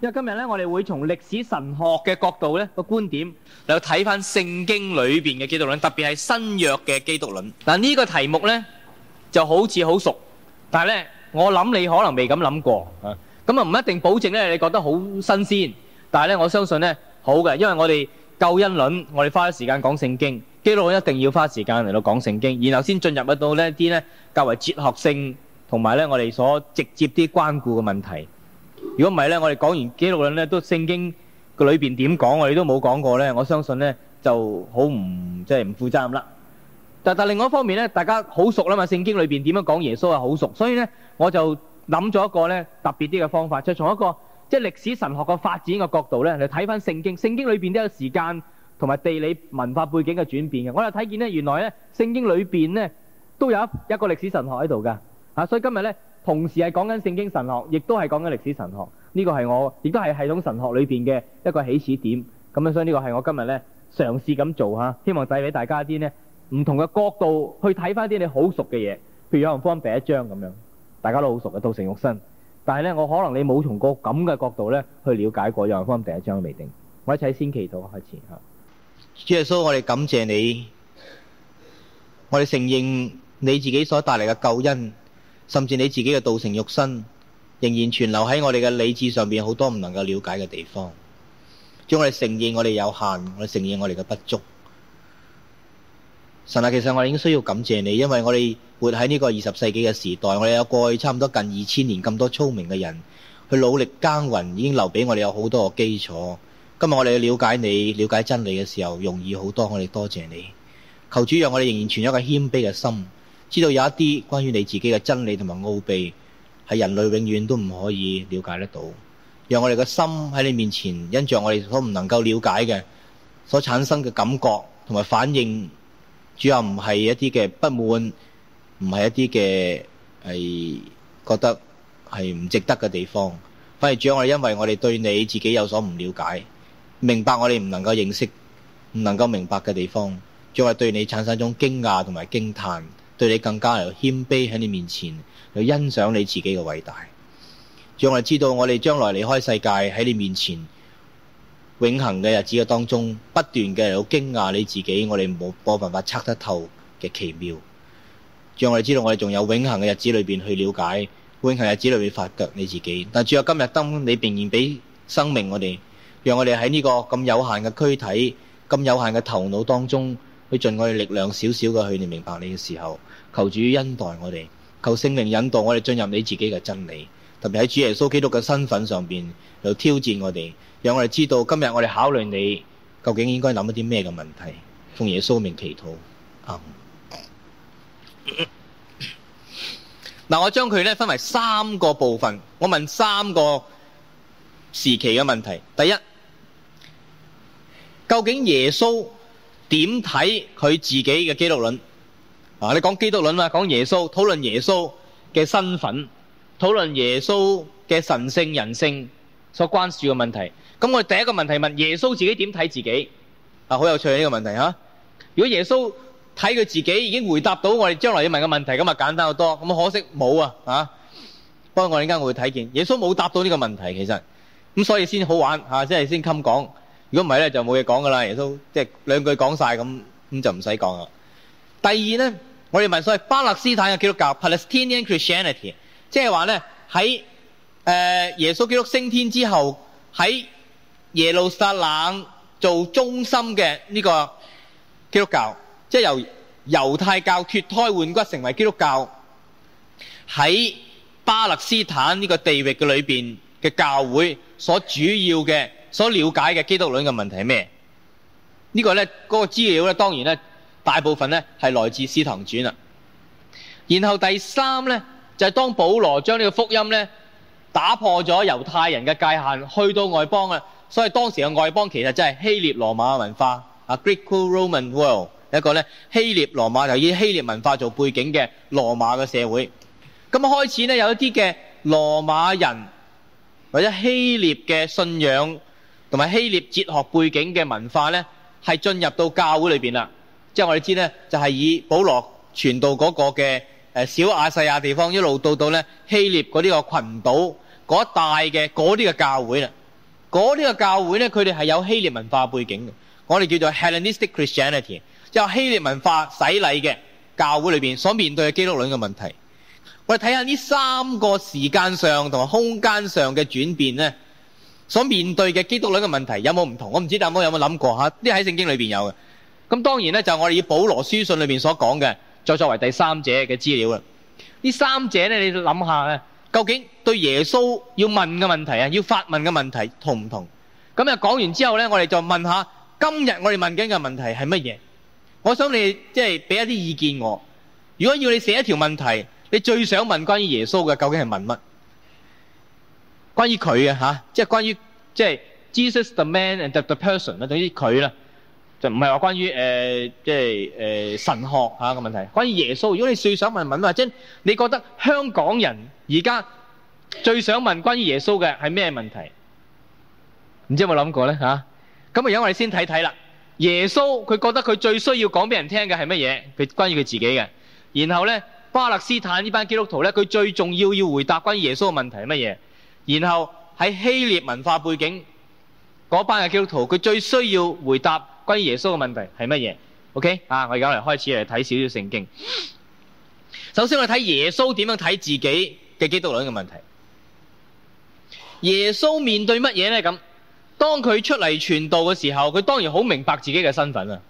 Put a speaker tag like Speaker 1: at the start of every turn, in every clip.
Speaker 1: 因為今日咧，我哋會從歷史神學嘅角度咧個觀點嚟到睇翻聖經裏邊嘅基督論，特別係新約嘅基督論。嗱，呢個題目咧就好似好熟，但係咧我諗你可能未咁諗過。咁啊唔一定保證咧，你覺得好新鮮。但係咧我相信咧好嘅，因為我哋救恩論我哋花咗時間講聖經，基督論一定要花時間嚟到講聖經，然後先進入得到咧啲咧較為哲學性，同埋咧我哋所直接啲關顧嘅問題。如果唔係咧，我哋講完基督論咧，都聖經個裏面點講，我哋都冇講過咧。我相信咧就好唔即係唔負責咁啦。但但另外一方面咧，大家好熟啦嘛，聖經裏面點樣講耶穌係好熟，所以咧我就諗咗一個咧特別啲嘅方法，即、即係、從一個即係、即係、歷史神學嘅發展個角度咧嚟睇翻聖經。聖經裏面都有時間同埋地理文化背景嘅轉變嘅。我又睇見咧，原來咧聖經裏面咧都有一個歷史神學喺度噶，所以今日咧。同時係講緊聖經神學，亦都係講緊歷史神學。呢個係我，亦都係系統神學裏面嘅一個起始點。咁樣所以呢個係我今日呢，嘗試咁做下，希望帶俾大家啲呢唔同嘅角度去睇翻啲你好熟嘅嘢，譬如《約翰福音》第一章咁樣，大家都好熟嘅《道成肉身》。但係呢，我可能你冇從個咁嘅角度呢去了解過《約翰福音》第一章都未定。我一齊先祈禱開始吓。主耶穌，我哋感謝你，我哋承認你自己所帶嚟嘅救恩。甚至你自己嘅道成肉身，仍然存留喺我哋嘅理智上邊，好多唔能夠了解嘅地方。將我哋承認我哋有限，我哋承認我哋嘅不足。神啊，其實我哋已經需要感謝你，因為我哋活喺呢個二十世紀嘅時代，我哋有過去差唔多近二千年咁多聰明嘅人去努力耕耘，已經留畀我哋有好多嘅基礎。今日我哋去了解你、了解真理嘅時候，容易好多，我哋多謝你。求主讓我哋仍然存一個謙卑嘅心。知道有一啲關於你自己嘅真理同埋奧秘，係人類永遠都唔可以了解得到。讓我哋嘅心喺你面前，因着我哋所唔能夠了解嘅所產生嘅感覺同埋反應，主要唔係一啲嘅不滿，唔係一啲嘅係覺得係唔值得嘅地方。反而主要我哋因為我哋對你自己有所唔了解，明白我哋唔能夠認識、唔能夠明白嘅地方，主要係對你產生一種驚訝同埋驚嘆。對你更加有謙卑喺你面前，有欣賞你自己嘅偉大，讓我哋知道我哋將來離開世界喺你面前永恆嘅日子嘅當中，不斷嘅有驚訝你自己，我哋冇冇辦法測得透嘅奇妙，讓我哋知道我哋仲有永恆嘅日子裏邊去了解，永恆的日子裏面發掘你自己。但主要今日當你仍然俾生命我哋，讓我哋喺呢個咁有限嘅軀體、咁有限嘅頭腦當中，去盡我哋力量少少嘅去明白你嘅時候。求主恩待我哋，求聖靈引導我哋進入你自己嘅真理，特別喺主耶穌基督嘅身份上邊，又挑戰我哋，讓我哋知道今日我哋考慮你究竟應該諗一啲咩嘅問題。奉耶穌名祈禱。嗱、嗯， 我將佢咧分為三個部分，我問三個時期嘅問題。第一，究竟耶穌點睇佢自己嘅基督論？啊！你講基督論啦，講耶穌，討論耶穌嘅身份，討論耶穌嘅神性人性所關注嘅問題。咁我哋第一個問題問耶穌自己點睇自己啊？好有趣呢個問題吓。如果耶穌睇佢自己已經回答到我哋將來要問嘅問題，咁啊簡單好多。咁可惜冇啊，吓。不過我陣間我會睇見耶穌冇答到呢個問題，其實咁所以先好玩吓，即係先襟講。如果唔係咧，就冇嘢講噶啦。耶穌即係兩句講晒咁，咁就唔使講啦。第二咧。我哋問所謂巴勒斯坦嘅基督教 （Palestinian Christianity），即係話咧喺誒耶穌基督升天之後，喺耶路撒冷做中心嘅呢個基督教，即係由猶太教脫胎換骨成為基督教，喺巴勒斯坦呢個地域嘅裏邊嘅教會所主要嘅、所了解嘅基督論嘅問題係咩？這個、呢個咧，嗰、那個資料咧，當然咧，大部分咧係來自《使徒傳》啦。然後第三咧就係當保羅將呢個福音咧打破咗猶太人嘅界限，去到外邦啊。所以當時嘅外邦其實即係希臘羅馬嘅文化啊，Greek-Roman world。一個咧希臘羅馬就以希臘文化做背景嘅羅馬嘅社會。咁開始咧有一啲嘅羅馬人或者希臘嘅信仰同埋希臘哲學背景嘅文化咧，係進入到教會裏邊啦。即係我哋知咧，就係以保羅傳道嗰個嘅誒小亞細亞地方一路到到咧希臘嗰啲個群島嗰一帶嘅嗰啲嘅教會啦，嗰啲嘅教會咧，佢哋係有希臘文化背景嘅，我哋叫做 Hellenistic Christianity，即係希臘文化洗禮嘅教會裏邊所面對嘅基督論嘅問題。我哋睇下呢三個時間上同埋空間上嘅轉變咧，所面對嘅基督論嘅問題有冇唔同？我唔知大家有冇諗過吓？呢喺聖經裏邊有嘅。咁當然咧，就我哋以保羅書信裏邊所講嘅，再作為第三者嘅資料啦。呢三者咧，你諗下啊，究竟對耶穌要問嘅問題啊，要發問嘅問題同唔同？咁啊講完之後咧，我哋就問下今日我哋問緊嘅問題係乜嘢？我想你即係俾一啲意見我。如果要你寫一條問題，你最想問關於耶穌嘅究竟係問乜？關於佢啊吓，即係關於即係 Jesus the man and the person 啊，等於佢啦。就唔係話關於誒，即係誒神學吓個問題，關於耶穌。如果你最想問問，或者你覺得香港人而家最想問關於耶穌嘅係咩問題？唔知有冇諗過咧吓？咁啊，而家我哋先睇睇啦。耶穌佢覺得佢最需要講俾人聽嘅係乜嘢？佢關於佢自己嘅。然後咧，巴勒斯坦呢班基督徒咧，佢最重要要回答關於耶穌嘅問題係乜嘢？然後喺希臘文化背景嗰班嘅基督徒，佢最需要回答。關於耶穌嘅問題係乜嘢？OK 啊，我而家嚟開始嚟睇少少聖經。首先我睇耶穌點樣睇自己嘅基督論嘅問題。耶穌面對乜嘢呢？咁當佢出嚟傳道嘅時候，佢當然好明白自己嘅身份啦。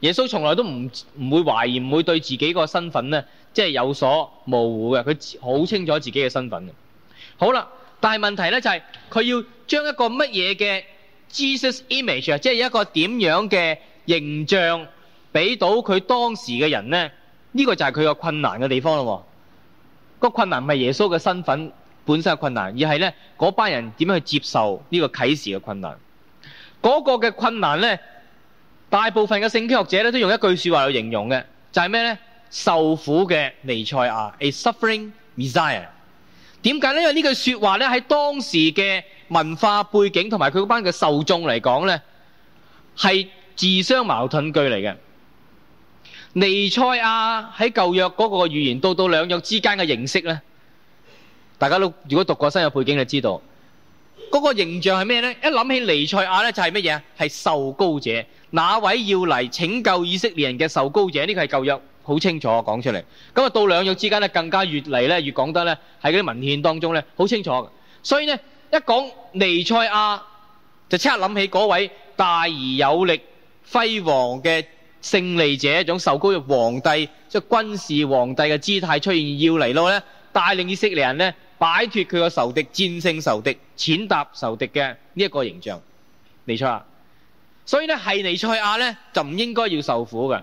Speaker 1: 耶穌從來都唔唔會懷疑，唔會對自己個身份呢，即係有所模糊嘅。佢好清楚自己嘅身份嘅。好啦，但係問題呢，就係、是、佢要將一個乜嘢嘅。Jesus image 啊，即係一個點樣嘅形象，俾到佢當時嘅人呢、呢、呢個就係佢、個困難嘅地方咯。個困難唔係耶穌嘅身份本身嘅困難，而係呢嗰班人點樣去接受呢個啟示嘅困難。嗰、個嘅困難呢，大部分嘅聖經學者咧都用一句說話去形容嘅，就係、是、咩呢？受苦嘅彌賽亞，is suffering Messiah 點解咧？因為呢句說話咧，喺當時嘅文化背景同埋佢嗰班嘅受眾嚟講咧，係自相矛盾句嚟嘅。尼賽亞喺舊約嗰個語言到到兩約之間嘅形式咧，大家都如果讀過新約背景就知道，嗰個形象係咩咧？一諗起尼賽亞咧，就係乜嘢？係受膏者，哪位要嚟拯救以色列人嘅受膏者。呢個係舊約。好清楚講啊出嚟，咁啊到兩樣兩約之間咧，更加越嚟咧越講得咧，喺啲文獻當中咧好清楚。所以呢一講彌賽亞，就即刻諗起嗰位大而有力、輝煌嘅勝利者、一種受高嘅皇帝，即係軍事皇帝嘅姿態出現要，要嚟咯咧，帶領以色列人咧擺脫佢個仇敵、戰勝仇敵、踐踏仇敵嘅呢一個形象，彌賽亞。所以咧係彌賽亞咧就唔應該要受苦嘅。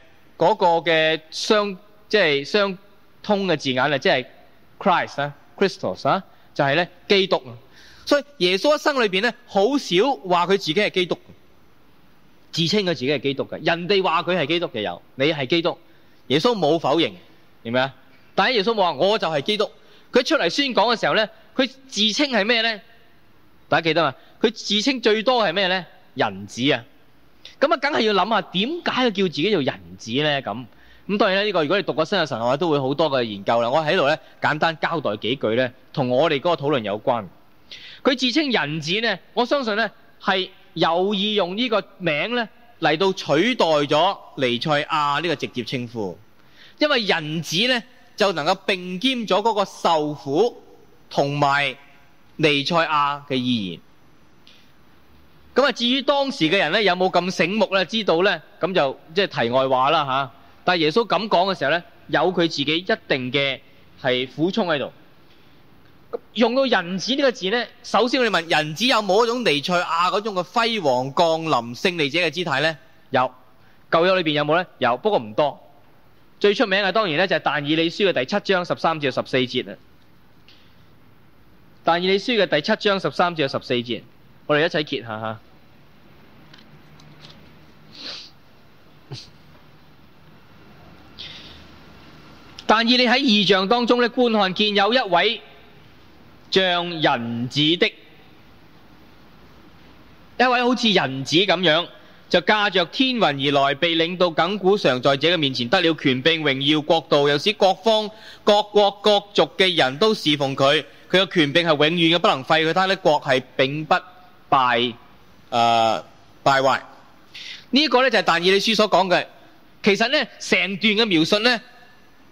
Speaker 1: 嗰個嘅相即係相通嘅字眼啊，即係 Christ 啊，Christos 啊，就係咧基督啊。所以耶穌一生裏邊咧，好少話佢自己係基督，自稱佢自己係基督嘅。人哋話佢係基督嘅有，你係基督。耶穌冇否認，明唔明啊？但係耶穌冇話我就係基督。佢出嚟宣講嘅時候咧，佢自稱係咩咧？大家記得嘛？佢自稱最多係咩咧？人子啊！咁啊，梗係要諗下點解佢叫自己做人子呢？咁咁當然咧、這個，呢個如果你讀過《新約神學》都會好多嘅研究啦。我喺度咧簡單交代幾句呢，同我哋嗰個討論有關。佢自稱人子呢，我相信呢係有意用呢個名呢嚟到取代咗尼賽亞呢個直接稱呼，因為人子呢就能夠並兼咗嗰個受苦同埋尼賽亞嘅意義。咁啊，至於當時嘅人咧，有冇咁醒目咧？知道咧，咁就即係、就是、題外話啦吓。但係耶穌咁講嘅時候咧，有佢自己一定嘅係苦衷喺度。用到人子呢個字咧，首先我哋問：人子有冇一種彌賽亞嗰種嘅輝煌降臨勝利者嘅姿態咧？有。舊約裏邊有冇咧？有，不過唔多。最出名嘅當然咧就係但以理書嘅第七章十三至十四節啦。但以理書嘅第七章十三至十四節。我哋一齊揭一下。但以理喺異象當中咧，觀看見有一位像人子的，一位好似人子咁樣，就駕着天雲而來，被領到亘古常在者嘅面前得了權柄、榮耀、國度，又使各方各國各族嘅人都侍奉佢。佢嘅權柄係永遠嘅，不能廢去。他呢國係並不、敗誒，敗壞呢個呢，就係、是、但以理書所講嘅。其實呢，成段嘅描述呢，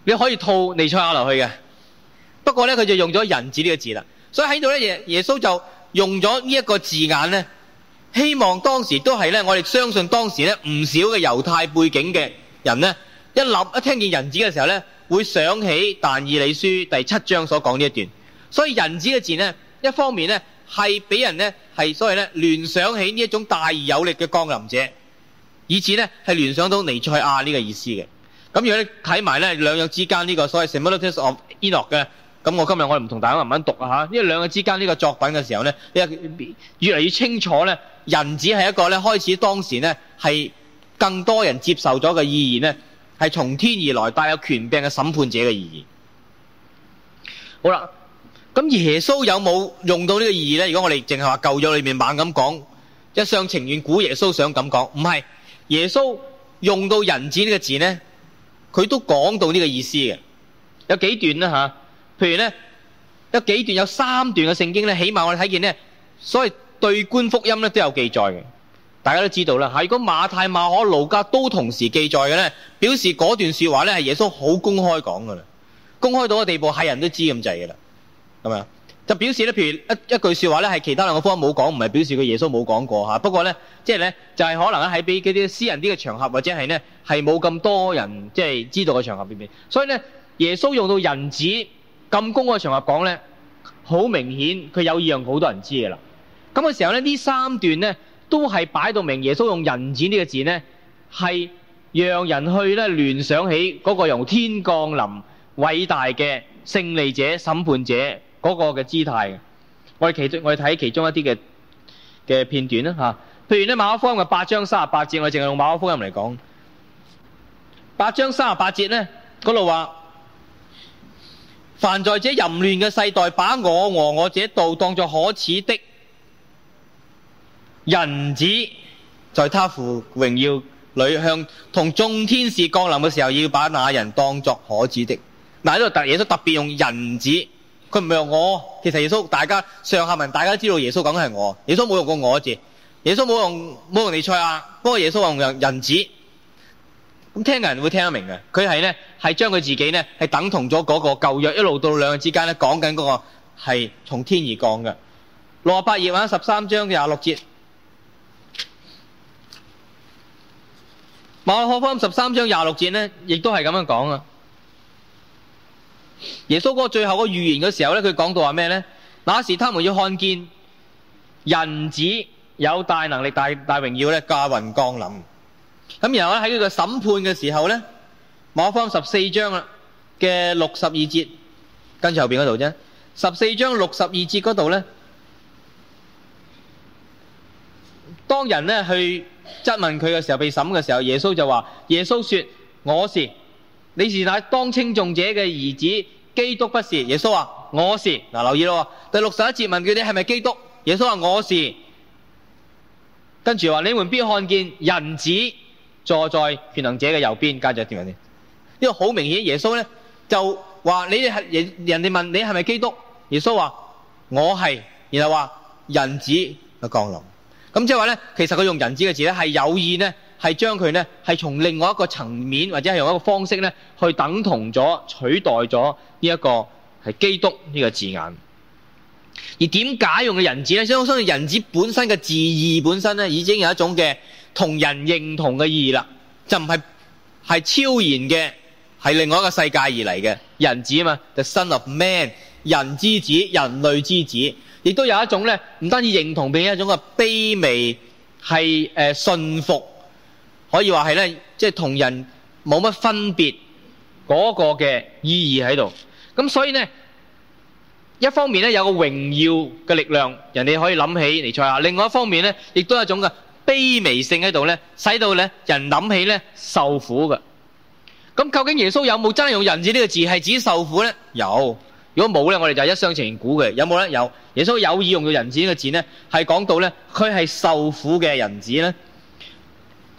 Speaker 1: 你可以套尼西亞落去嘅。不過呢，佢就用咗人子呢個字啦。所以喺度呢耶，耶穌就用咗呢一個字眼呢，希望當時都係呢。我哋相信當時呢唔少嘅猶太背景嘅人呢，一諗一聽見人子嘅時候呢，會想起但以理書第七章所講呢一段。所以人子嘅字呢，一方面呢。係俾人咧係，係所謂咧聯想起呢一種大而有力嘅降臨者，以此咧係聯想到彌賽亞呢個意思嘅。咁如果你睇埋咧兩約之間呢個所謂《Similitudes of Enoch》嘅，咁我今日我哋唔同大家慢慢讀啊嚇，因為兩約之間呢個作品嘅時候咧，越嚟越清楚咧，人子係一個咧開始當時咧係更多人接受咗嘅意義咧，係從天而來帶有權柄嘅審判者嘅意義。好啦。咁耶穌有冇用到呢個意義呢？如果我哋淨係話舊約裏面猛咁講，一廂情願估耶穌想咁講，唔係耶穌用到人子呢個字呢，佢都講到呢個意思嘅。有幾段啦吓，譬如呢，有幾段有三段嘅聖經呢，起碼我哋睇見呢，所謂對觀福音呢都有記載嘅。大家都知道啦吓，如果馬太、馬可、路加都同時記載嘅呢，表示嗰段說話呢，係耶穌好公開講噶啦公開到嘅地步係人都知咁滯噶啦咁樣就表示咧，譬如一一句說話咧，係其他兩個方法冇講，唔係表示佢耶穌冇講過吓。不過咧，即係咧，就係、是就是、可能咧，喺俾嗰啲私人啲嘅場合，或者係咧，係冇咁多人即係、就是、知道嘅場合入邊。所以咧，耶穌用到人子咁公嘅場合講咧，好明顯佢有意讓好多人知嘅啦。咁嘅時候咧，呢三段咧都係擺到明，耶穌用人子呢個字咧，係讓人去咧聯想起嗰個由天降臨偉大嘅勝利者、審判者。嗰、那個嘅姿態嘅，我哋其中我哋睇其中一啲嘅嘅片段啦吓，譬如呢馬可福音嘅八章三十八節，我淨係用馬可福音嚟講，八章三十八節咧嗰度話，凡在這淫亂嘅世代，把我和我這道當作可恥的人子，在他父榮耀裏向同眾天使降臨嘅時候，要把那人當作可恥的，嗱呢度特嘢都特別用人子。佢唔係用我，其實耶穌大家上下文大家都知道耶穌梗係我，耶穌冇用過我字，耶穌冇用冇用尼賽亞，不過耶穌用人人子，咁聽嘅人會聽得明嘅，佢係咧係將佢自己咧係等同咗嗰個舊約一路到兩日之間咧講緊嗰個係從天而降嘅，六十八頁或者十三章廿六節，馬可福音十三章廿六節咧亦都係咁樣講啊。耶穌個最後個預言嘅時候咧，佢講到話咩咧？那時他們要看見人子有大能力、大大榮耀咧，駕雲降臨。咁然後咧喺佢個審判嘅時候咧，馬可福音十四章啊嘅六十二節，跟住後邊嗰度啫。十四章六十二節嗰度咧，當人咧去質問佢嘅時候，被審嘅時候，耶穌就話：耶穌說，我是。你是那當稱頌者嘅兒子，基督不是。耶穌話：我是。嗱，留意咯。第六十一節問佢哋係咪基督，耶穌話我是。跟住話：你們必看見人子坐在權能者嘅右邊？加咗就點樣先？呢個好明顯，耶穌咧就話：你係人，人哋問你係咪基督，耶穌話我係。然後話人子嘅降臨。咁即係話咧，其實佢用人子嘅字咧係有意呢。係將佢呢，係從另外一個層面或者係用一個方式呢，去等同咗、取代咗呢一個係基督呢個字眼。而點解用嘅人子呢？我相信人子本身嘅字義本身呢，已經有一種嘅同人認同嘅意義啦，就唔係係超然嘅，係另外一個世界而嚟嘅人子啊嘛，the son of man，人之子、人類之子，亦都有一種呢，唔單止認同，變成一種嘅卑微，係誒、呃、信服。可以話係咧，即係同人冇乜分別嗰個嘅意義喺度。咁所以咧，一方面咧有個榮耀嘅力量，人哋可以諗起彌賽亞，另外一方面咧，亦都有一種嘅卑微性喺度咧，使到咧人諗起咧受苦嘅。咁究竟耶穌有冇真係用人子呢個字係指受苦咧？有。如果冇咧，我哋就係一廂情願嘅。有冇咧？有。耶穌有意用到人子呢個字咧，係講到咧佢係受苦嘅人子咧。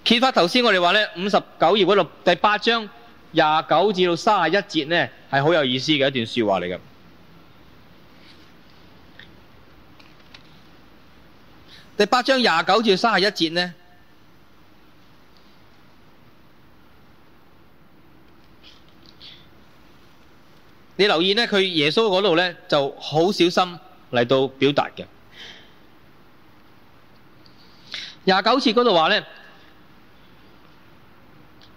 Speaker 1: 揭發頭先我哋話咧，五十九頁嗰度第八章廿九至到三十一節咧，係好有意思嘅一段說話嚟嘅。第八章廿九至三十一節咧，你留意咧佢耶穌嗰度咧就好小心嚟到表達嘅，廿九節嗰度話咧。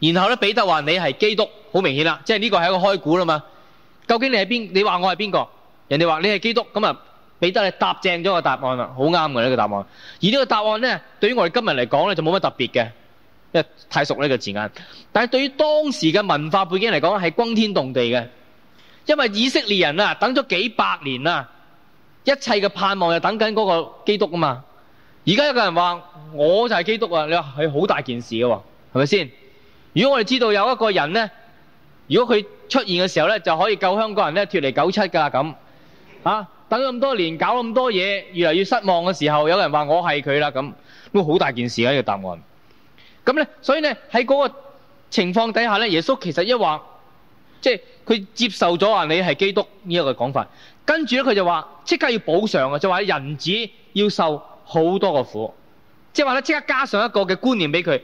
Speaker 1: 然後咧，彼得話你係基督，好明顯啦，即係呢個係一個開估啦嘛。究竟你係邊？你話我係邊個？人哋話你係基督，咁啊，彼得係答正咗個答案啦，好啱嘅呢個答案。而呢個答案咧，對於我哋今日嚟講咧就冇乜特別嘅，因為太熟呢個字眼。但係對於當時嘅文化背景嚟講，係轟天動地嘅，因為以色列人啊等咗幾百年啦，啊，一切嘅盼望就等緊嗰個基督啊嘛。而家有個人話我就係基督啊，你話好大件事嘅喎，係咪先？如果我哋知道有一個人呢，如果佢出現嘅時候呢，就可以救香港人呢脱離九七噶，咁，啊等咁多年搞咁多嘢，越嚟越失望嘅時候，有，有人話我係佢啦咁，都好大件事啊呢個答案。咁呢，所以呢，喺嗰個情況底下呢，耶穌其實一話，即係佢接受咗話你係基督呢一個講法，跟住呢，佢就話即刻要補償啊，就話人子要受好多個苦，即係話咧即刻加上一個嘅觀念俾佢。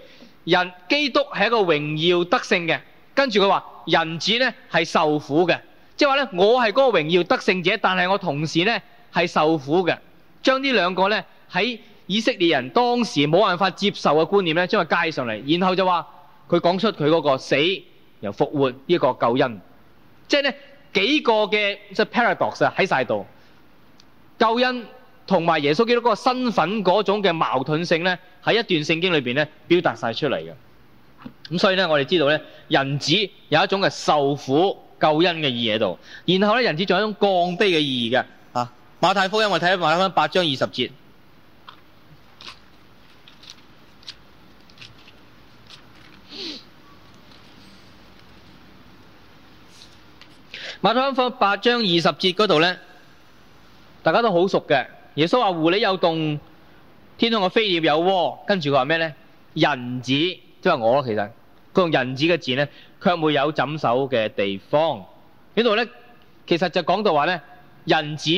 Speaker 1: 人基督係一個榮耀得勝嘅，跟住佢話人子咧係受苦嘅，即係話咧我係嗰個榮耀得勝者，但係我同時咧係受苦嘅。將呢兩個咧喺以色列人當時冇辦法接受嘅觀念咧，將佢加上嚟，然後就話佢講出佢嗰個死又復活呢個救恩，即係咧幾個嘅即係 paradox 啊喺晒度救恩。同埋耶穌基督嗰個身份嗰種嘅矛盾性咧，喺一段聖經裏面咧表達曬出嚟嘅。咁所以咧，我哋知道咧，人子有一種嘅受苦救恩嘅意義喺度，然後咧，人子仲有一種降低嘅意義嘅。啊，馬太福音我睇下，馬太福音八章二十節，馬太福音八章二十節嗰度咧，大家都好熟嘅。耶穌話：狐狸有洞，天空嘅飛鳥有窩。跟住佢話咩咧？人子即係我。其實佢用人子嘅字咧，卻沒有枕手嘅地方。呢度咧，其實就講到話咧，人子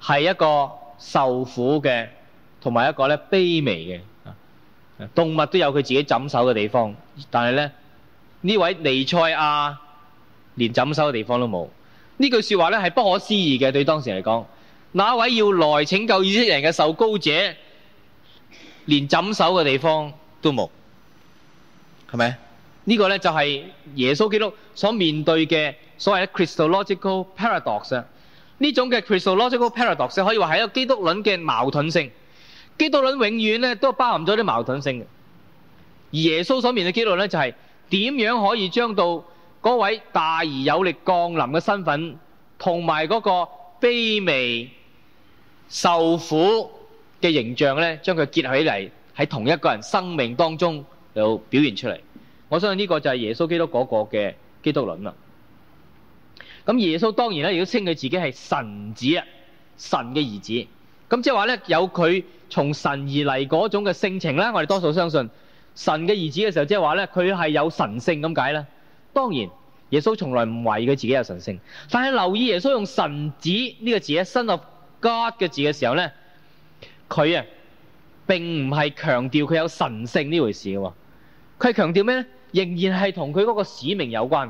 Speaker 1: 係一個受苦嘅，同埋一個咧卑微嘅。啊，動物都有佢自己枕手嘅地方，但係咧，呢位尼賽亞連枕手嘅地方都冇。呢句說話咧係不可思議嘅，對當時嚟講。哪位要來拯救以色列人嘅受膏者，連枕頭嘅地方都冇，係咪？呢、這個咧就係耶穌基督所面對嘅所謂 christological paradox。呢種嘅 christological paradox 可以話係一個基督論嘅矛盾性。基督論永遠咧都包含咗啲矛盾性嘅。而耶穌所面嘅基督論咧就係點樣可以將到嗰位大而有力降臨嘅身份，同埋嗰個卑微。受苦嘅形象咧，將佢結合起嚟，喺同一個人生命當中又表現出嚟。我相信呢個就係耶穌基督嗰個嘅基督論啦。咁耶穌當然咧，亦都稱佢自己係神子啊，神嘅兒子。咁即係話咧，有佢從神而嚟嗰種嘅性情啦。我哋多數相信神嘅兒子嘅時候是，即係話咧，佢係有神性咁解啦。當然，耶穌從來唔懷疑佢自己有神性，但係留意耶穌用神子呢、這個字咧，深入。God 嘅字嘅時候咧，佢啊，並唔係強調佢有神性呢回事嘅喎，佢係強調咩咧？仍然係同佢嗰個使命有關。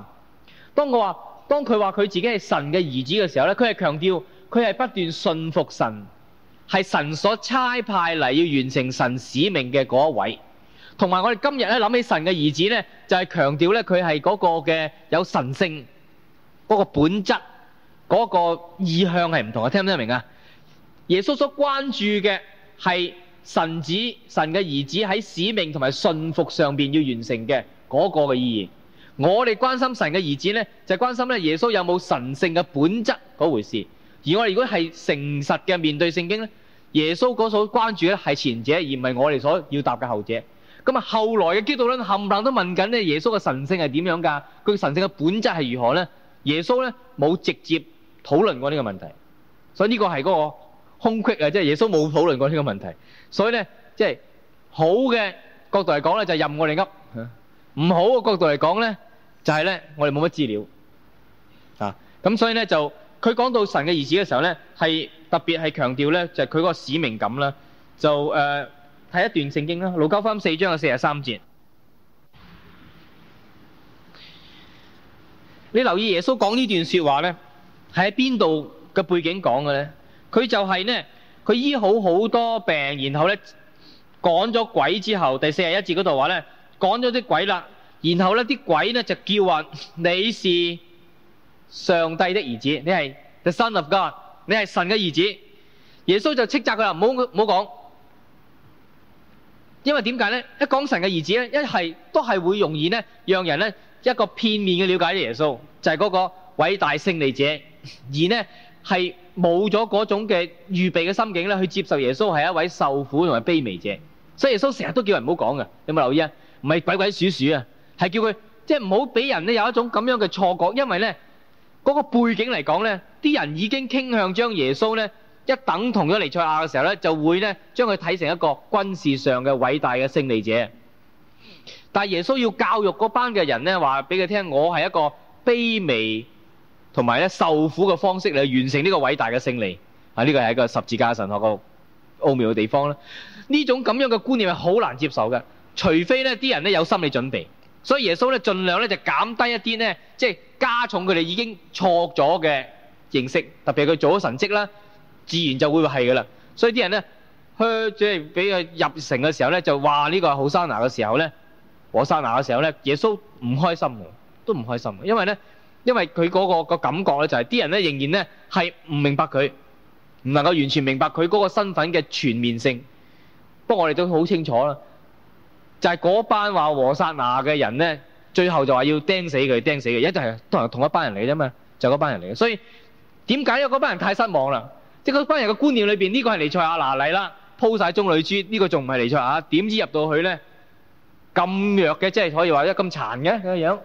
Speaker 1: 當我話，當佢話佢自己係神嘅兒子嘅時候咧，佢係強調佢係不斷信服神，係神所差派嚟要完成神使命嘅嗰一位。同埋我哋今日咧諗起神嘅兒子咧，就係強調咧佢係嗰個嘅有神性嗰個本質嗰個意向係唔同嘅，聽唔聽得明啊？耶穌所關注嘅係神子、神嘅兒子喺使命同埋信服上邊要完成嘅嗰個嘅意義。我哋關心神嘅兒子咧，就係、是、關心咧耶穌有冇神性嘅本質嗰回事。而我哋如果係誠實嘅面對聖經咧，耶穌嗰所關注咧係前者，而唔係我哋所要答嘅後者。咁啊，後來嘅基督徒冚唪唥都問緊咧耶穌嘅神性係點樣噶？佢神性嘅本質係如何咧？耶穌咧冇直接討論過呢個問題，所以呢個係嗰、那個。空隙啊，即係耶穌冇討論過呢個問題，所以咧，即係好嘅角度嚟講咧，就任我哋噏；唔好嘅角度嚟講咧，就係咧，我哋冇乜資料啊。咁所以咧，就佢講到神嘅兒子嘅時候咧，係特別係強調咧，就係佢個使命感啦。就誒睇一段聖經啦，《路加福音》四章嘅四十三節。你留意耶穌講呢段說話咧，係喺邊度嘅背景講嘅咧？佢就係咧，佢醫好好多病，然後咧趕咗鬼之後，第四十一節嗰度話咧趕咗啲鬼啦，然後咧啲鬼咧就叫話你是上帝的兒子，你係 the Son of God，你係神嘅兒子。耶穌就斥責佢啦，唔好唔好講，因為點解咧？一講神嘅兒子咧，一係都係會容易咧，讓人咧一個片面嘅了解耶穌，就係嗰個偉大勝利者，而咧係。冇咗嗰種嘅預備嘅心境咧，去接受耶穌係一位受苦同埋卑微者，所以耶穌成日都叫人唔好講嘅。有冇留意啊？唔係鬼鬼祟祟啊，係叫佢即係唔好俾人咧有一種咁樣嘅錯覺，因為咧嗰個背景嚟講咧，啲人已經傾向將耶穌咧一等同咗彌賽亞嘅時候咧，就會咧將佢睇成一個軍事上嘅偉大嘅勝利者。但係耶穌要教育嗰班嘅人咧，話俾佢聽，我係一個卑微。同埋咧受苦嘅方式嚟完成呢個偉大嘅勝利啊！呢個係一個十字架神學個奧妙嘅地方咧。呢種咁樣嘅觀念係好難接受嘅，除非咧啲人咧有心理準備。所以耶穌咧盡量咧就減低一啲咧，即係加重佢哋已經錯咗嘅認識。特別係佢做咗神迹啦，自然就會係噶啦。所以啲人咧去即係俾佢入城嘅時候咧，就話呢個係和散那嘅時候咧，和散那嘅時候咧，耶穌唔開心喎，都唔開心因為咧。因為佢嗰個個感覺咧，就係啲人咧仍然咧係唔明白佢，唔能夠完全明白佢嗰個身份嘅全面性。不過我哋都好清楚啦，就係嗰班話和撒拿嘅人咧，最後就話要釘死佢，釘死佢，一定係都係同一班人嚟啫嘛，就嗰班人嚟嘅。所以點解有嗰班人太失望啦？即係嗰班人嘅觀念裏邊，呢個係彌賽亞拿嚟啦，鋪曬棕櫚樹，呢個仲唔係彌賽啊？點知入到去咧咁弱嘅，即係可以話咧咁殘嘅咁樣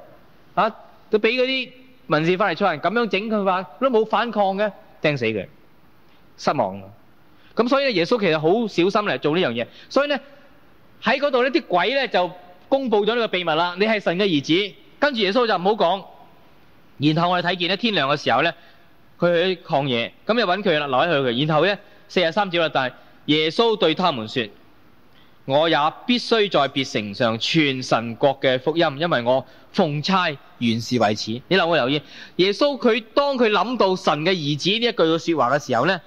Speaker 1: 啊！都俾嗰啲。民事翻嚟出嚟咁樣整佢，話都冇反抗嘅，釘死佢，失望。咁所以耶穌其實好小心嚟做呢樣嘢。所以咧喺嗰度咧啲鬼咧就公布咗呢個秘密啦。你係神嘅兒子。跟住耶穌就唔好講。然後我哋睇見咧天亮嘅時候咧佢去曠野，咁就揾佢啦留喺佢。然後咧四十三節啦，但係耶穌對他們說我也必須在別城上傳神國嘅福音，因為我奉差原是為此。你留唔留意，耶穌佢當佢諗到神嘅兒子呢一句嘅說話嘅時候，呢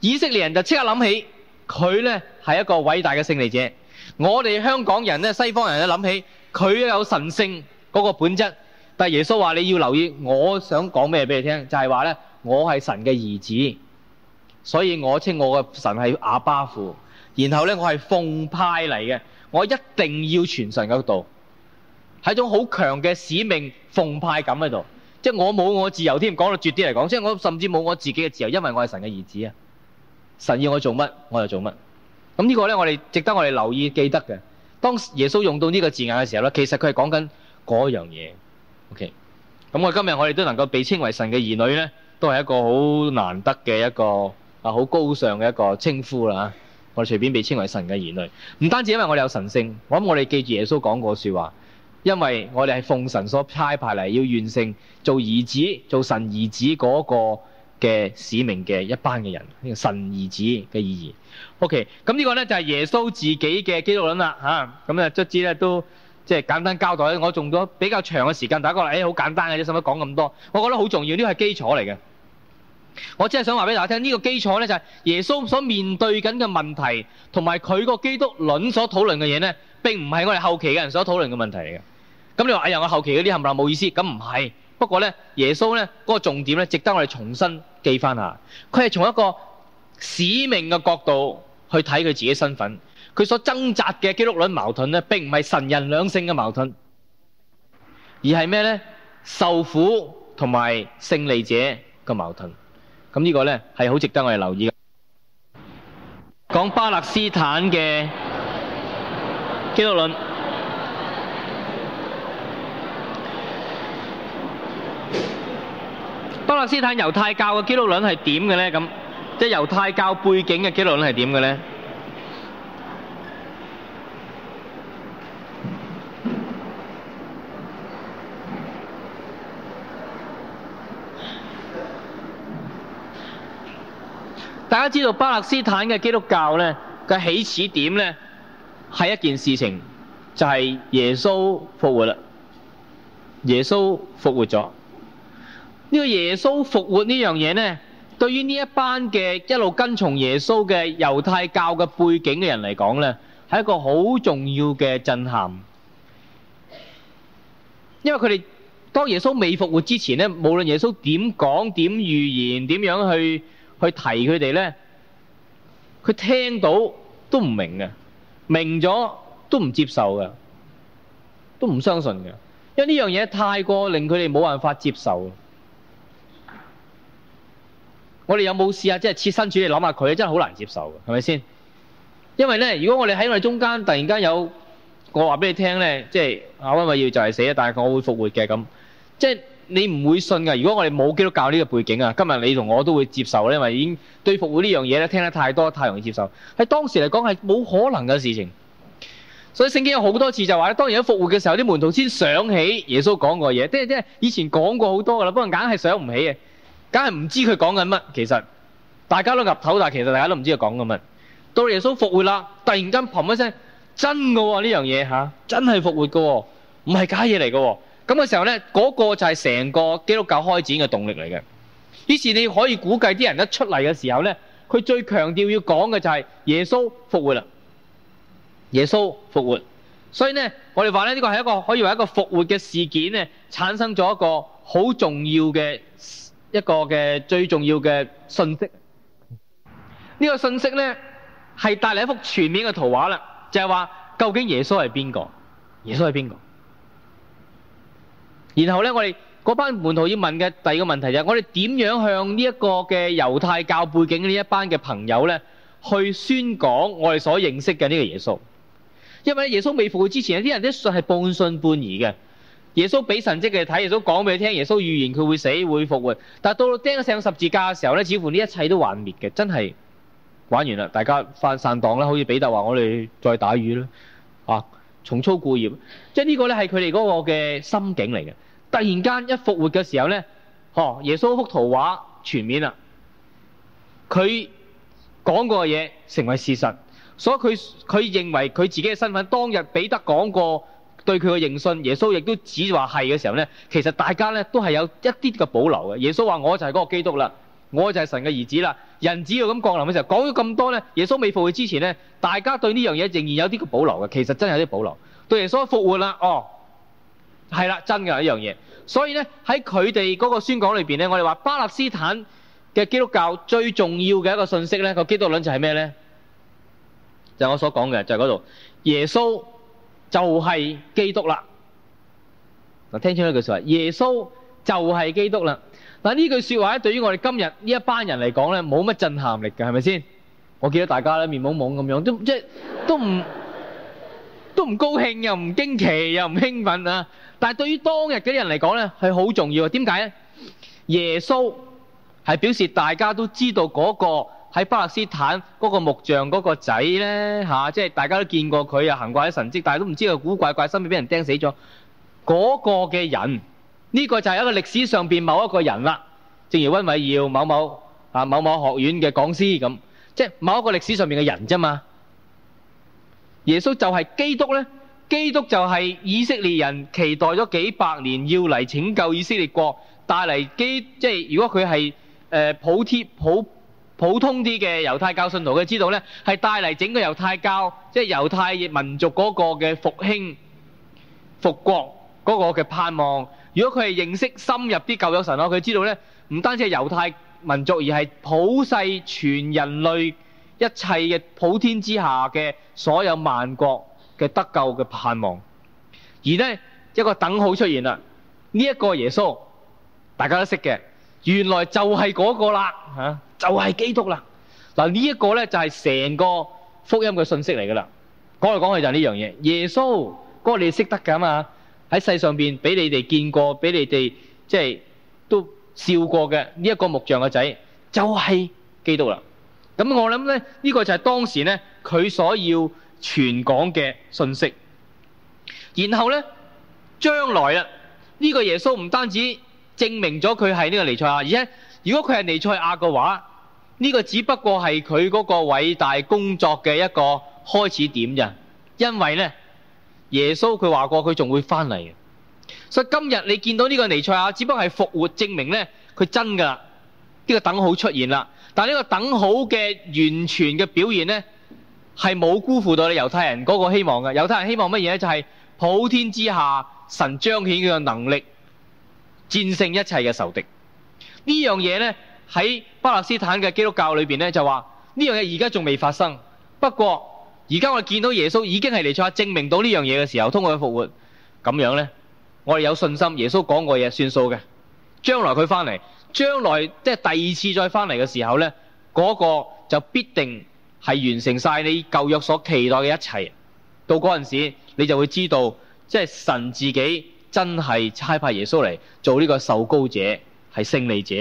Speaker 1: 以色列人就即刻諗起佢呢，係一個偉大嘅勝利者。我哋香港人呢，西方人一諗起佢有神性嗰個本質。但耶穌話你要留意，我想講咩俾你聽，就係話呢：「我係神嘅兒子，所以我稱我嘅神係阿爸父。然後咧，我係奉派嚟嘅，我一定要傳神嘅道，係一種好強嘅使命奉派感喺度，即係我冇我自由添。講到絕啲嚟講，即係我甚至冇我自己嘅自由，因為我係神嘅兒子啊！神要我做乜，我就做乜。咁、這個、呢個咧，我哋值得我哋留意記得嘅。當耶穌用到呢個字眼嘅時候咧，其實佢係講緊嗰樣嘢。OK，咁我今日我哋都能夠被稱為神嘅兒女咧，都係一個好難得嘅一個啊好高尚嘅一個稱呼啦我哋隨便被稱為神嘅兒女，唔單止因為我哋有神性，我諗我哋記住耶穌講過説話，因為我哋係奉神所差派嚟要完成、做兒子、做神兒子嗰個嘅使命嘅一班嘅人，呢神兒子嘅意義。OK，咁、嗯這個、呢個咧就係、是、耶穌自己嘅基督論啦嚇。咁啊，卒之咧都即係簡單交代。我用咗比較長嘅時間大家覺得：哎「誒，好簡單嘅，你使乜講咁多？我覺得好重要，呢個係基礎嚟嘅。我真係想話俾大家聽，呢個基礎咧，就係耶穌所面對緊嘅問題，同埋佢個基督論所討論嘅嘢咧，並唔係我哋後期嘅人所討論嘅問題嚟嘅。咁你話哎呀，我後期嗰啲係咪啊冇意思？咁唔係，不過咧耶穌咧嗰個重點咧，值得我哋重新記翻下。佢係從一個使命嘅角度去睇佢自己身份，佢所掙扎嘅基督論矛盾咧，並唔係神人兩性嘅矛盾，而係咩咧？受苦同埋勝利者嘅矛盾。咁呢個呢係好值得我哋留意。講巴勒斯坦嘅基督論，巴勒斯坦猶太教嘅基督論係點嘅呢？咁即係猶太教背景嘅基督論係點嘅呢？大家知道巴勒斯坦嘅基督教呢嘅起始點呢係一件事情，就係耶穌復活啦。耶穌復活咗呢個耶穌復活呢樣嘢呢，對於呢一班嘅一路跟從耶穌嘅猶太教嘅背景嘅人嚟講呢，係一個好重要嘅震撼。因為佢哋當耶穌未復活之前呢，無論耶穌點講、點預言、點樣去。去提佢哋咧，佢聽到都唔明嘅，明咗都唔接受嘅，都唔相信嘅，因為呢樣嘢太過令佢哋冇辦法接受。我哋有冇試下即係設身處地諗下佢真係好難接受嘅，係咪先？因為咧，如果我哋喺我哋中間突然間有我話俾你聽咧，即係阿溫偉耀就係死咗，但係我會復活嘅咁，即係。你唔會信噶，如果我哋冇基督教呢個背景啊，今日你同我都會接受，因為已經對復活呢樣嘢咧聽得太多，太容易接受。喺當時嚟講係冇可能嘅事情，所以聖經有好多次就話咧，當然復活嘅時候，啲門徒先想起耶穌講過嘢，即係即係以前講過好多噶啦，不過硬係想唔起嘅，梗係唔知佢講緊乜。其實大家都岌頭，但其實大家都唔知佢講緊乜。到耶穌復活啦，突然間嘭一聲，真噶呢樣嘢吓，真係復活噶哦，唔係假嘢嚟噶。咁嘅時候呢，嗰個就係成個基督教開展嘅動力嚟嘅。於是你可以估計啲人一出嚟嘅時候呢，佢最強調要講嘅就係耶穌復活啦。耶穌復活，所以呢我哋話呢呢個係一個可以話一個復活嘅事件呢，產生咗一個好重要嘅一個嘅最重要嘅信息。呢個信息呢係帶嚟一幅全面嘅圖畫啦，就係話究竟耶穌係邊個？耶穌係邊個？然後咧，我哋嗰班門徒要問嘅第二個問題就係：我哋點樣向呢一個嘅猶太教背景呢一班嘅朋友咧，去宣講我哋所認識嘅呢個耶穌？因為耶穌未復活之前，有啲人啲信係半信半疑嘅。耶穌俾神跡嘅睇，耶穌講俾你聽，耶穌預言佢會死會復活。但係到釘上十字架嘅時候咧，似乎呢一切都幻滅嘅，真係玩完啦！大家翻散檔啦，好似彼得話：我哋再打魚啦，啊，重操故業。即係呢個咧係佢哋嗰個嘅心境嚟嘅。突然間一復活嘅時候咧，哦，耶穌幅圖畫全面啦，佢講過嘅嘢成為事實，所以佢佢認為佢自己嘅身份，當日彼得講過對佢嘅認信，耶穌亦都只話係嘅時候咧，其實大家咧都係有一啲嘅保留嘅。耶穌話我就係嗰個基督啦，我就係神嘅兒子啦，人只要咁降臨嘅時候，講咗咁多咧，耶穌未復活之前咧，大家對呢樣嘢仍然有啲嘅保留嘅，其實真係有啲保留。對耶穌一復活啦，哦。係啦，真嘅係一樣嘢。所以咧，喺佢哋嗰個宣講裏邊咧，我哋話巴勒斯坦嘅基督教最重要嘅一個信息咧，個基督論就係咩咧？就係我所講嘅就喺嗰度，耶穌就係基督啦。嗱，聽清楚一句說話，耶穌就係基督啦。嗱，呢句說話咧，對於我哋今日呢一班人嚟講咧，冇乜震撼力嘅，係咪先？我見到大家咧，面懵懵咁樣，都即係都唔都唔高興，又唔驚奇，又唔興奮啊！但係對於當日嘅人嚟講咧，係好重要。點解咧？耶穌係表示大家都知道嗰個喺巴勒斯坦嗰個木匠嗰個仔咧，吓，即係大家都見過佢又行過啲神跡，但係都唔知佢古怪怪，身邊俾人釘死咗。嗰個嘅人呢個就係一個歷史上邊某一個人啦，正如溫偉耀某某啊某某學院嘅講師咁，即係某一個歷史上邊嘅人啫嘛。耶穌就係基督咧。基督就係以色列人期待咗幾百年要嚟拯救以色列國，帶嚟基即係，如果佢係誒普貼普普通啲嘅猶太教信徒，佢知道咧係帶嚟整個猶太教即係猶太民族嗰個嘅復興、復國嗰個嘅盼望。如果佢係認識深入啲舊約神哦，佢知道咧唔單止係猶太民族，而係普世全人類一切嘅普天之下嘅所有萬國嘅得救嘅盼望，而咧一個等號出現啦，呢一個耶穌大家都識嘅，原來就係嗰個啦吓，就係基督啦。嗱呢一個咧就係成個福音嘅信息嚟噶啦，講嚟講去就係呢樣嘢。耶穌嗰個你識得噶嘛？喺世上面俾你哋見過，俾你哋即係都笑過嘅呢一個木匠嘅仔，就係基督啦。咁我諗咧呢個就係當時咧佢所要全港嘅信息，然後呢，將來啊，呢個耶穌唔單止證明咗佢係呢個彌賽亞，而且如果佢係彌賽亞嘅話，呢個只不過係佢嗰個偉大工作嘅一個開始點咋，因為呢，耶穌佢話過佢仲會翻嚟嘅，所以今日你見到呢個彌賽亞，只不過係復活證明呢，佢真噶啦，呢個等號出現啦，但係呢個等號嘅完全嘅表現呢。係冇辜負到你猶太人嗰個希望嘅，猶太人希望乜嘢咧？就係、是、普天之下，神彰顯佢嘅能力，戰勝一切嘅仇敵呢。呢樣嘢咧，喺巴勒斯坦嘅基督教裏面咧，就話呢樣嘢而家仲未發生。不過而家我哋見到耶穌已經係嚟咗，證明到呢樣嘢嘅時候，通過佢復活，咁樣咧，我哋有信心，耶穌講過嘢算數嘅。將來佢翻嚟，將來即係第二次再翻嚟嘅時候咧，嗰、那個就必定。係完成晒你舊約所期待嘅一切，到嗰陣時候你就會知道，即係神自己真係差派耶穌嚟做呢個受膏者，係勝利者。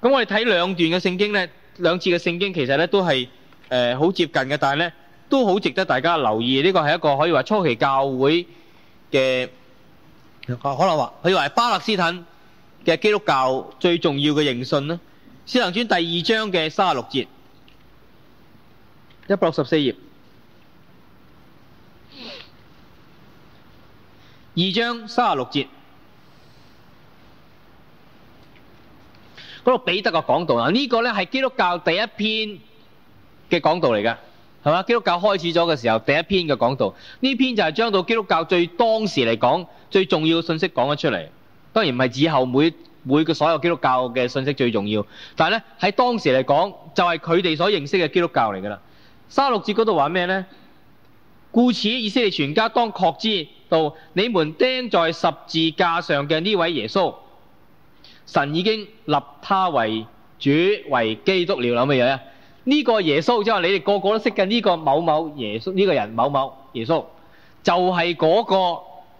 Speaker 1: 咁我哋睇兩段嘅聖經，呢兩節嘅聖經其實呢都係誒好接近嘅，但係呢都好值得大家留意。呢個係一個可以話初期教會嘅，可能話可以話巴勒斯坦嘅基督教最重要嘅認信啦。使徒行傳第二章嘅三十六節。一百六十四頁，二章三十六節，嗰度彼得嘅講道啊！呢個咧係基督教第一篇嘅講道嚟㗎，係嘛？基督教開始咗嘅時候，第一篇嘅講道，呢篇就係將到基督教最當時嚟講最重要嘅信息講咗出嚟。當然唔係以後每每個所有基督教嘅信息最重要，但係咧喺當時嚟講，就係佢哋所認識嘅基督教嚟噶啦。三六節嗰度話咩咧？故此，以色列全家當確知道，你們釘在十字架上嘅呢位耶穌，神已經立他為主，為基督了。諗乜嘢啊？呢個耶穌即係話你哋個個都識嘅呢個某某耶穌呢個人某某耶穌，就係嗰個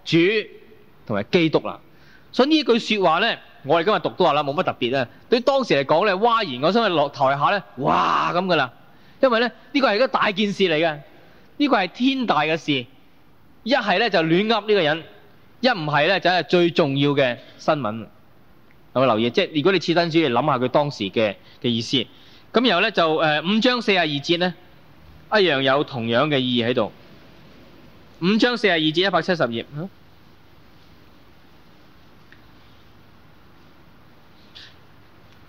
Speaker 1: 主同埋基督啦。所以呢句說話咧，我哋今日讀都話啦，冇乜特別啊。對當時嚟講咧，嘩然！我想落台下咧，哇咁噶啦。因為咧呢、這個係一個大件事嚟嘅，呢、這個係天大嘅事。一係咧就亂噏呢個人，一唔係咧就係、是、最重要嘅新聞，有冇留意？即係如果你設身處地嚟諗下佢當時嘅嘅意思。咁然後咧就誒、呃、五章四十二節咧，一樣有同樣嘅意義喺度。五章四十二節一百七十頁，啊、這句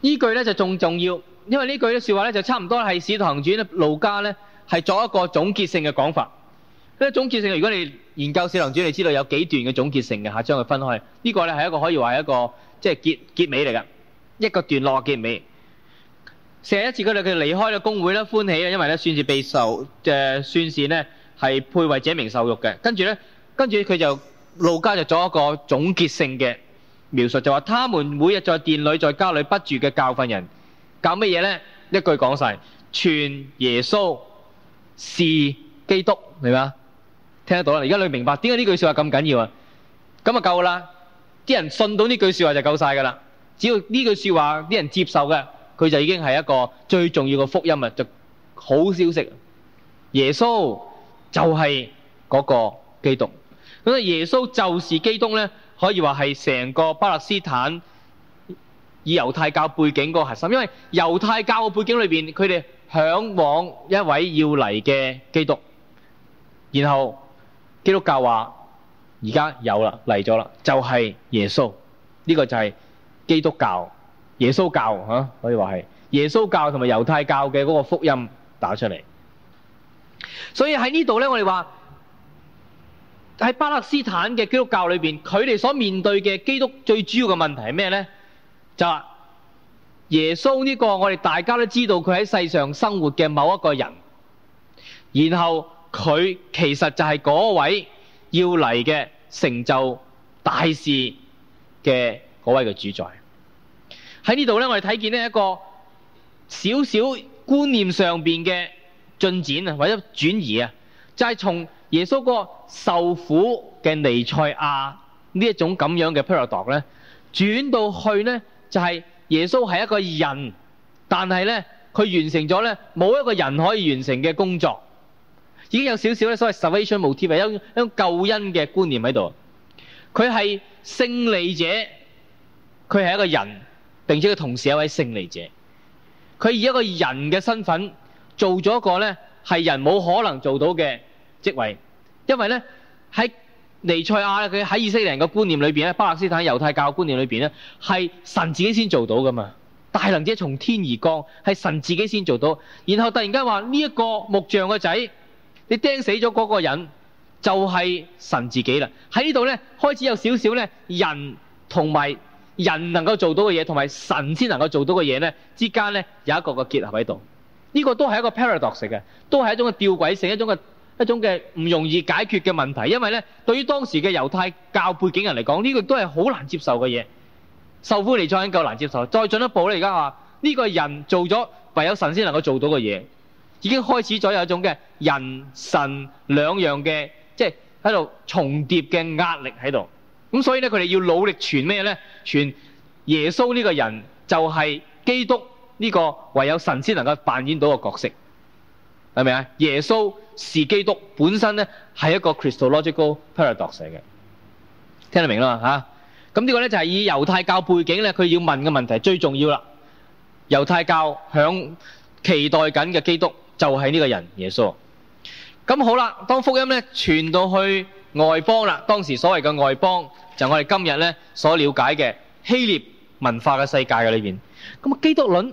Speaker 1: 呢句咧就仲重要。因為呢句咧説話咧就差唔多係《史徒行傳使徒行傳》，路加咧係作一個總結性嘅講法。因為總結性，如果你研究《使徒行傳》，你知道有幾段嘅總結性嘅吓，將佢分開。呢個咧係一個可以話係一個即係結結尾嚟㗎一個段落嘅結尾。四十一節嗰度佢離開咗公會啦，歡喜啊，因為咧算是被受誒算是咧係配為這名受辱嘅。跟住咧，跟住佢就路加就作一個總結性嘅描述，就話他們每日在殿裏、在家裏不住嘅教訓人。搞乜嘢咧？一句講晒，全耶穌是基督，明嘛？聽得到啦！而家你明白點解呢句說話咁緊要啊？咁啊夠啦！啲人信到呢句說話就夠晒噶啦！只要呢句說話啲人接受嘅，佢就已經係一個最重要嘅福音啊！就好消息，耶穌就係嗰個基督。咁啊，耶穌就是基督咧，可以話係成個巴勒斯坦，以猶太教背景嗰個核心，因為猶太教嘅背景裏邊，佢哋向往一位要嚟嘅基督，然後基督教話而家有啦，嚟咗啦，就係耶穌，呢個就係基督教、耶穌教吓，可以話係耶穌教同埋猶太教嘅嗰個福音打出嚟。所以喺呢度呢，我哋話喺巴勒斯坦嘅基督教裏邊，佢哋所面對嘅基督最主要嘅問題係咩呢？就話、是、耶穌呢個我哋大家都知道佢喺世上生活嘅某一個人，然後佢其實就係嗰位要嚟嘅成就大事嘅嗰位嘅主宰。喺呢度呢，我哋睇見一個少少觀念上邊嘅進展啊，或者轉移啊，就係從耶穌個受苦嘅尼賽亞這這呢一種咁樣嘅 paradox 呢轉到去呢。就係耶穌係一個人，但係咧佢完成咗咧冇一個人可以完成嘅工作，已經有少少咧所謂 salvation motif 啊，一種一種救恩嘅觀念喺度。佢係勝利者，佢係一個人，並且佢同時係一位勝利者。佢以一個人嘅身份做咗一個咧係人冇可能做到嘅職位，因為咧喺。尼賽亞佢喺以色列人嘅觀念裏邊咧，巴勒斯坦猶太教嘅觀念裏邊咧，係神自己先做到噶嘛？大能者從天而降，係神自己先做到。然後突然間話呢一個木匠個仔，你釘死咗嗰個人，就係、是、神自己啦。喺呢度咧，開始有少少咧，人同埋人能夠做到嘅嘢，同埋神先能夠做到嘅嘢咧，之間咧有一個個結合喺度。呢、這個都係一個 paradox 嘅，都係一種嘅吊詭性，一種嘅。一種嘅唔容易解決嘅問題，因為咧對於當時嘅猶太教背景人嚟講，呢個都係好難接受嘅嘢。受苦離創已夠難接受，再進一步咧，而家話呢個人做咗唯有神先能夠做到嘅嘢，已經開始咗有一種嘅人神兩樣嘅，即係喺度重疊嘅壓力喺度。咁所以咧，佢哋要努力傳咩咧？傳耶穌呢個人就係基督，呢個唯有神先能夠扮演到嘅角色。係咪啊？耶穌是基督，本身咧係一個 Christological paradox 嚟嘅，聽得明啦嘛吓？咁呢個咧就係以猶太教背景咧，佢要問嘅問題最重要啦。猶太教響期待緊嘅基督就係呢個人耶穌。咁好啦，當福音咧傳到去外邦啦，當時所謂嘅外邦就係我哋今日咧所了解嘅希臘文化嘅世界嘅裏邊。咁啊，基督論。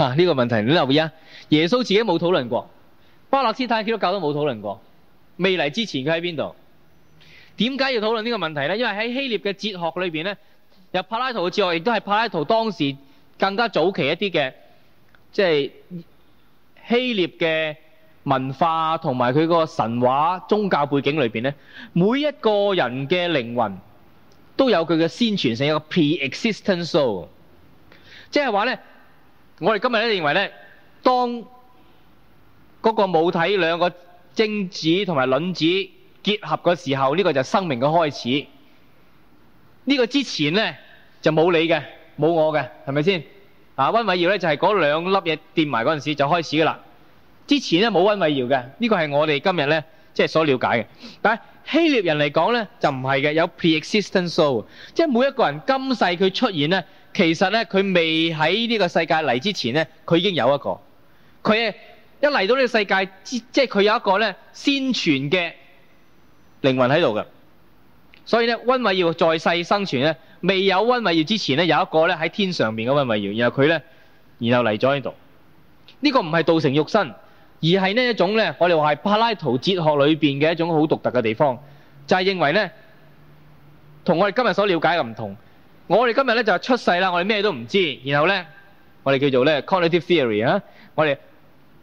Speaker 1: 啊！呢個問題你留意啊！耶穌自己冇討論過，巴勒斯坦基督教都冇討論過。未嚟之前佢喺邊度？點解要討論呢個問題咧？因為喺希臘嘅哲學裏邊咧，有柏拉圖嘅哲學，亦都係柏拉圖當時更加早期一啲嘅，即係希臘嘅文化同埋佢個神話宗教背景裏邊咧，每一個人嘅靈魂都有佢嘅先存性，一個 pre-existent soul，即係話咧。我哋今日咧認為咧，當嗰個母體兩個精子同埋卵子結合嘅時候，呢個就生命嘅開始。呢個之前咧就冇你嘅，冇我嘅，係咪先？啊，溫偉耀咧就係嗰兩粒嘢掂埋嗰陣時就開始噶啦。之前咧冇溫偉耀嘅，呢個係我哋今日咧即係所了解嘅。但係希臘人嚟講咧就唔係嘅，有 pre-existence so，即係每一個人今世佢出現咧。其實咧，佢未喺呢個世界嚟之前咧，佢已經有一個，佢一嚟到呢個世界，即係佢有一個咧先存嘅靈魂喺度嘅。所以咧，溫偉耀在世生存咧，未有溫偉耀之前咧，有一個咧喺天上面嘅溫偉耀，然後佢咧，然後嚟咗呢度。呢、這個唔係道成肉身，而係呢一種咧，我哋話係柏拉圖哲學裏邊嘅一種好獨特嘅地方，就係、是、認為咧，同我哋今日所了解嘅唔同。我哋今日咧就出世啦，我哋咩都唔知，然後咧我哋叫做咧 Cognitive Theory 啊，我哋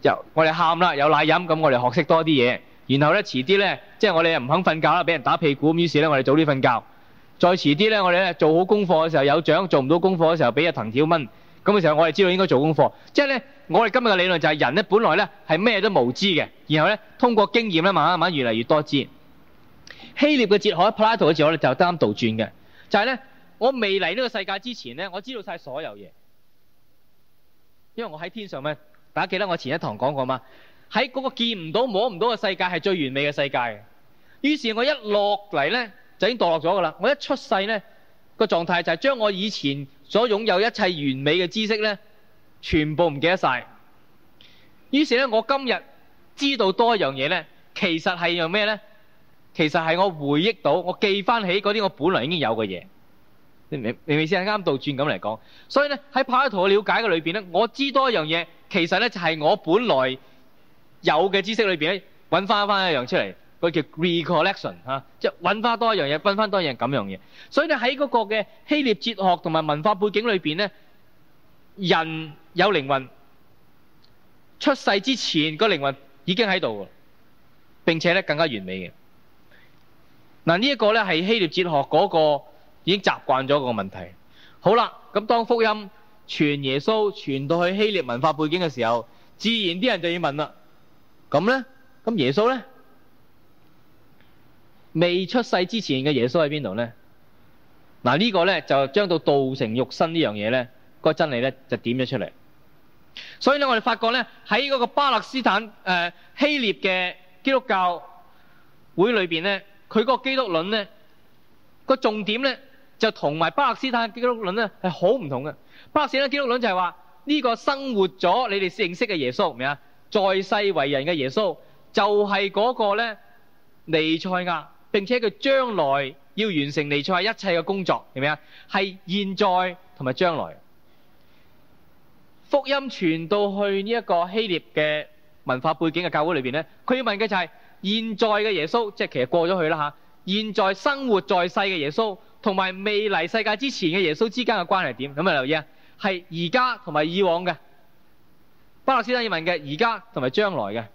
Speaker 1: 由我哋喊啦，有奶飲，咁我哋學識多啲嘢，然後咧遲啲咧，即係我哋又唔肯瞓覺啦，俾人打屁股，咁於是咧我哋早啲瞓覺，再遲啲咧我哋咧做好功課嘅時候有獎，做唔到功課嘅時候俾隻藤條掹，咁嘅時候我哋知道應該做功課。即係咧我哋今日嘅理論就係人咧本來咧係咩都無知嘅，然後咧通過經驗咧慢慢慢慢越嚟越多知。希臘嘅哲學，Plato 嘅哲學咧就啱啱倒轉嘅，就係咧。我未嚟呢個世界之前呢，我知道晒所有嘢，因為我喺天上咩？大家記得我前一堂講過嘛？喺嗰個見唔到摸唔到嘅世界係最完美嘅世界。於是我一落嚟呢，就已經墮落咗噶啦。我一出世呢，個狀態就係將我以前所擁有一切完美嘅知識呢，全部唔記得晒。於是呢，我今日知道多一樣嘢呢，其實係樣咩呢？其實係我回憶到，我記翻起嗰啲我本來已經有嘅嘢。你明？你未先啱倒轉咁嚟講，所以咧喺柏拉圖嘅了解嘅裏邊咧，我知多一樣嘢，其實咧就係我本來有嘅知識裏邊咧，搵翻翻一樣出嚟，佢叫 recollection，吓，即係搵翻多一樣嘢，分翻多一樣咁樣嘢。所以咧喺嗰個嘅希臘哲學同埋文化背景裏邊咧，人有靈魂，出世之前個靈魂已經喺度，並且咧更加完美嘅。嗱呢一個咧係希臘哲學嗰個。已經習慣咗個問題。好啦，咁當福音傳耶穌傳到去希臘文化背景嘅時候，自然啲人就要問啦。咁咧，咁耶穌咧未出世之前嘅耶穌喺邊度咧？嗱呢個咧就將到道成肉身呢樣嘢咧，個真理咧就點咗出嚟。所以咧，我哋發覺咧喺嗰個巴勒斯坦誒希臘嘅基督教會裏邊咧，佢個基督論咧個重點咧。就同埋巴勒斯坦基督論呢，係好唔同嘅。巴勒斯坦基督論就係話呢個生活咗你哋認識嘅耶穌，明唔明啊？在世為人嘅耶穌就係、是、嗰個咧尼賽亞，並且佢將來要完成尼賽亞一切嘅工作，明唔明啊？係現在同埋將來福音傳到去呢一個希臘嘅文化背景嘅教會裏邊咧，佢要問嘅就係、是、現在嘅耶穌，即係其實過咗去啦吓。現在生活在世嘅耶穌。同埋未嚟世界之前嘅耶穌之間嘅關係點？咁啊留意啊，係而家同埋以往嘅。巴勒斯坦人要問嘅，而家同埋將來嘅。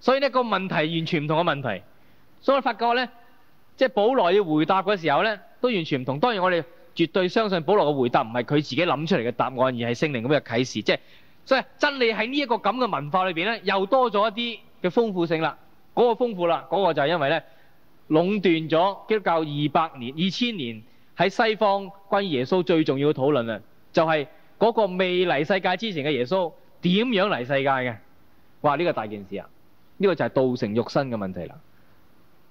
Speaker 1: 所以呢個問題完全唔同嘅問題。所以我發覺咧，即係保羅要回答嘅時候咧，都完全唔同。當然我哋絕對相信保羅嘅回答唔係佢自己諗出嚟嘅答案，而係聖靈咁嘅啟示。即係，所以真理喺呢一個咁嘅文化裏面咧，又多咗一啲嘅豐富性啦。嗰個豐富啦，嗰個就係因為咧。壟斷咗基督教二百年、二千年喺西方關於耶穌最重要嘅討論啦，就係嗰個未嚟世界之前嘅耶穌點樣嚟世界嘅？哇！呢個大件事啊，呢個就係道成肉身嘅問題啦，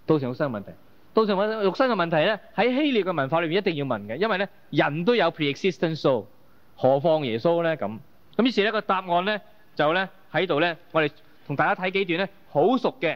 Speaker 1: 道成肉身嘅問題，道成肉身肉身嘅問題咧，喺希臘嘅文化裏邊一定要問嘅，因為咧人都有 preexistence，何況耶穌咧咁？咁於是呢個答案咧就咧喺度咧，我哋同大家睇幾段咧好熟嘅。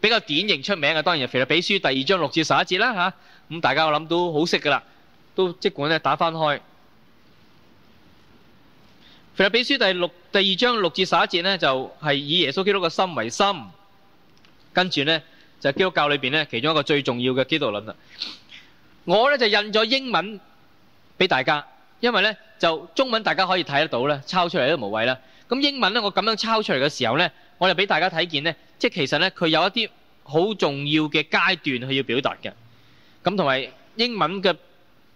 Speaker 1: 比較典型出名嘅，當然係《腓立比書》第二章六至十一節啦，嚇咁大家我諗都好識噶啦，都即管咧打翻開《腓立比書》第六第二章六至十一節咧，就係以耶穌基督嘅心為心，跟住咧就係基督教裏邊咧其中一個最重要嘅基督論啦。我咧就印咗英文俾大家，因為咧就中文大家可以睇得到咧，抄出嚟都無謂啦。咁英文咧我咁樣抄出嚟嘅時候咧。我哋俾大家睇見咧，即係其實咧佢有一啲好重要嘅階段，佢要表達嘅。咁同埋英文嘅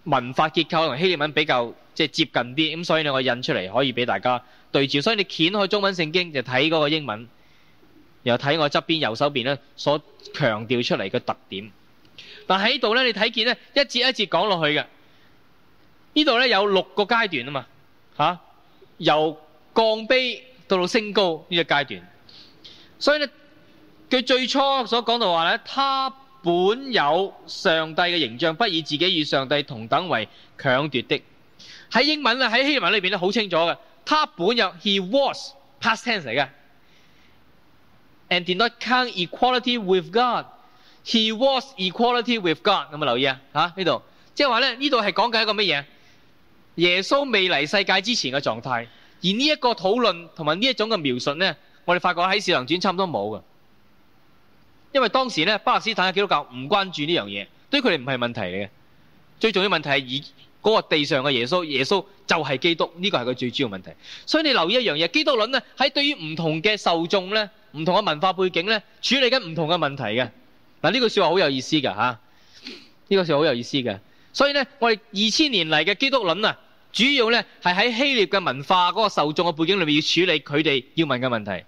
Speaker 1: 文化結構同希臘文比較，即係接近啲。咁所以咧，我印出嚟可以俾大家對照。所以你掀開中文聖經就睇嗰個英文，然後睇我側邊右手邊咧所強調出嚟嘅特點。但喺度咧，你睇見咧一節一節講落去嘅。呢度咧有六個階段啊嘛，嚇由降卑到到升高呢個階段。所以咧，佢最初所講到話咧，他本有上帝嘅形象，不以自己與上帝同等為強奪的。喺英文咧，喺希文裏面咧，好清楚嘅。他本有，He was past tense 嚟嘅，and did not count equality with God. He was equality with God。咁咪留意啊？吓呢度，即係話咧，呢度係講緊一個乜嘢？耶穌未嚟世界之前嘅狀態。而呢一個討論同埋呢一種嘅描述咧。我哋發覺喺《四郎傳》差唔多冇噶，因為當時咧，巴勒斯坦嘅基督教唔關注呢樣嘢，對佢哋唔係問題嚟嘅。最重要的問題係以嗰個地上嘅耶穌，耶穌就係基督，呢、這個係佢最主要的問題。所以你留意一樣嘢，基督論呢喺對於唔同嘅受眾咧、唔同嘅文化背景咧，處理緊唔同嘅問題嘅。嗱，呢句說話好有意思噶吓，呢、啊、句說話好有意思嘅。所以咧，我哋二千年嚟嘅基督論啊，主要咧係喺希臘嘅文化嗰、那個受眾嘅背景裏面要處理佢哋要問嘅問題。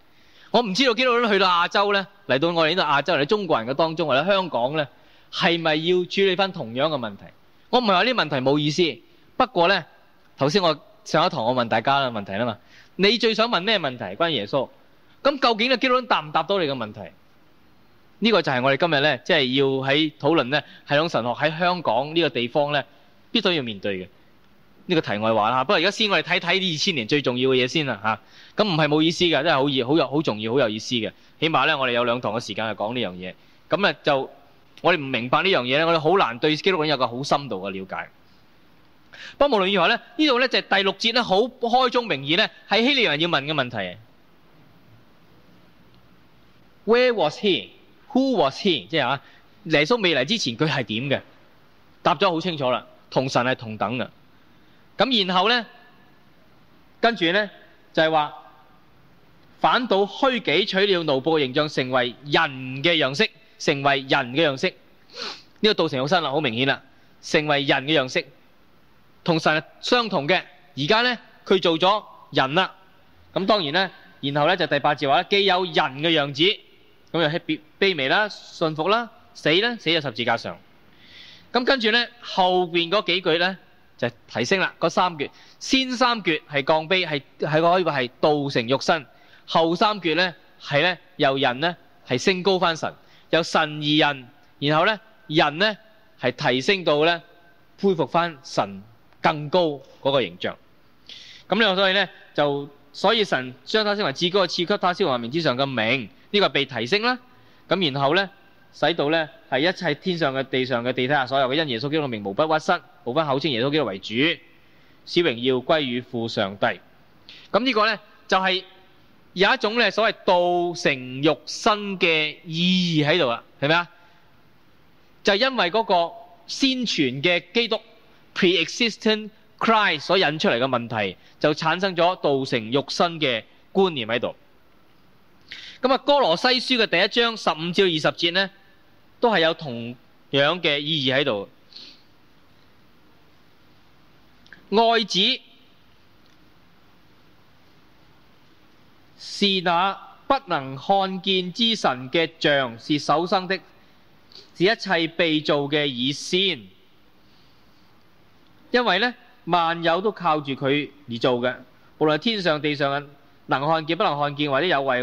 Speaker 1: 我唔知道基督徒去到亞洲咧，嚟到我哋呢個亞洲，喺中國人嘅當中，或者香港咧，係咪要處理翻同樣嘅問題？我唔係話啲問題冇意思，不過咧，頭先我上一堂我問大家嘅問題啦嘛，你最想問咩問題關於耶穌？咁究竟個基督徒答唔答到你嘅問題？呢個就係我哋今日咧，即係要喺討論咧，系統神學喺香港呢個地方咧，必須要面對嘅。呢、這個題外話啦，不過而家先，我哋睇睇呢二千年最重要嘅嘢先啦嚇。咁唔係冇意思嘅，真係好易、好有、好重要、好有意思嘅。起碼咧，我哋有兩堂嘅時間去講呢樣嘢。咁啊，就我哋唔明白呢樣嘢咧，我哋好難對基督教有個好深度嘅了解。不過無論如何咧，這裏呢度咧就是、第六節咧好開宗明義咧，係希臘人要問嘅問題。Where was he? Who was he? 即係嚇耶穌未嚟之前，佢係點嘅？答咗好清楚啦，同神係同等嘅。咁然後咧，跟住咧就係、是、話反倒虛己取了奴僕嘅形象成為人嘅樣式，成為人嘅樣式。呢、這個道成肉身啦，好明顯啦，成為人嘅樣式，同神相同嘅。而家咧佢做咗人啦，咁當然咧，然後咧就第八字話咧，既有人嘅樣子，咁又卑卑微啦、順服啦、死啦，死喺十字架上。咁跟住咧後面嗰幾句咧。提升啦，嗰三橛，先三橛係降卑，係、係個可以話係道成肉身，後三橛咧係咧由人咧係升高翻神，由神而人，然後咧人咧係提升到咧恢復翻神更高嗰個形象。咁樣，所以咧就所以神將他升為至高，賜給他升為名之上嘅名，呢個係被提升啦。咁然後咧使到咧。係一切天上嘅、地上嘅、地底下所有嘅，因耶穌基督名，無不屈失膝，無分口稱耶穌基督為主，使榮耀歸與父上帝。咁呢個咧就係、是、有一種咧所謂道成肉身嘅意義喺度啦，係咪啊？就是、因為嗰個先傳嘅基督 preexistent Christ 所引出嚟嘅問題，就產生咗道成肉身嘅觀念喺度。咁啊，哥羅西書嘅第一章十五至二十節咧。都係有同樣嘅意義喺度。愛子是那不能看見之神嘅像，是首生的，是一切被造嘅以先。因為咧，萬有都靠住佢而做嘅。無論天上地上嘅，能看見不能看見，或者有位，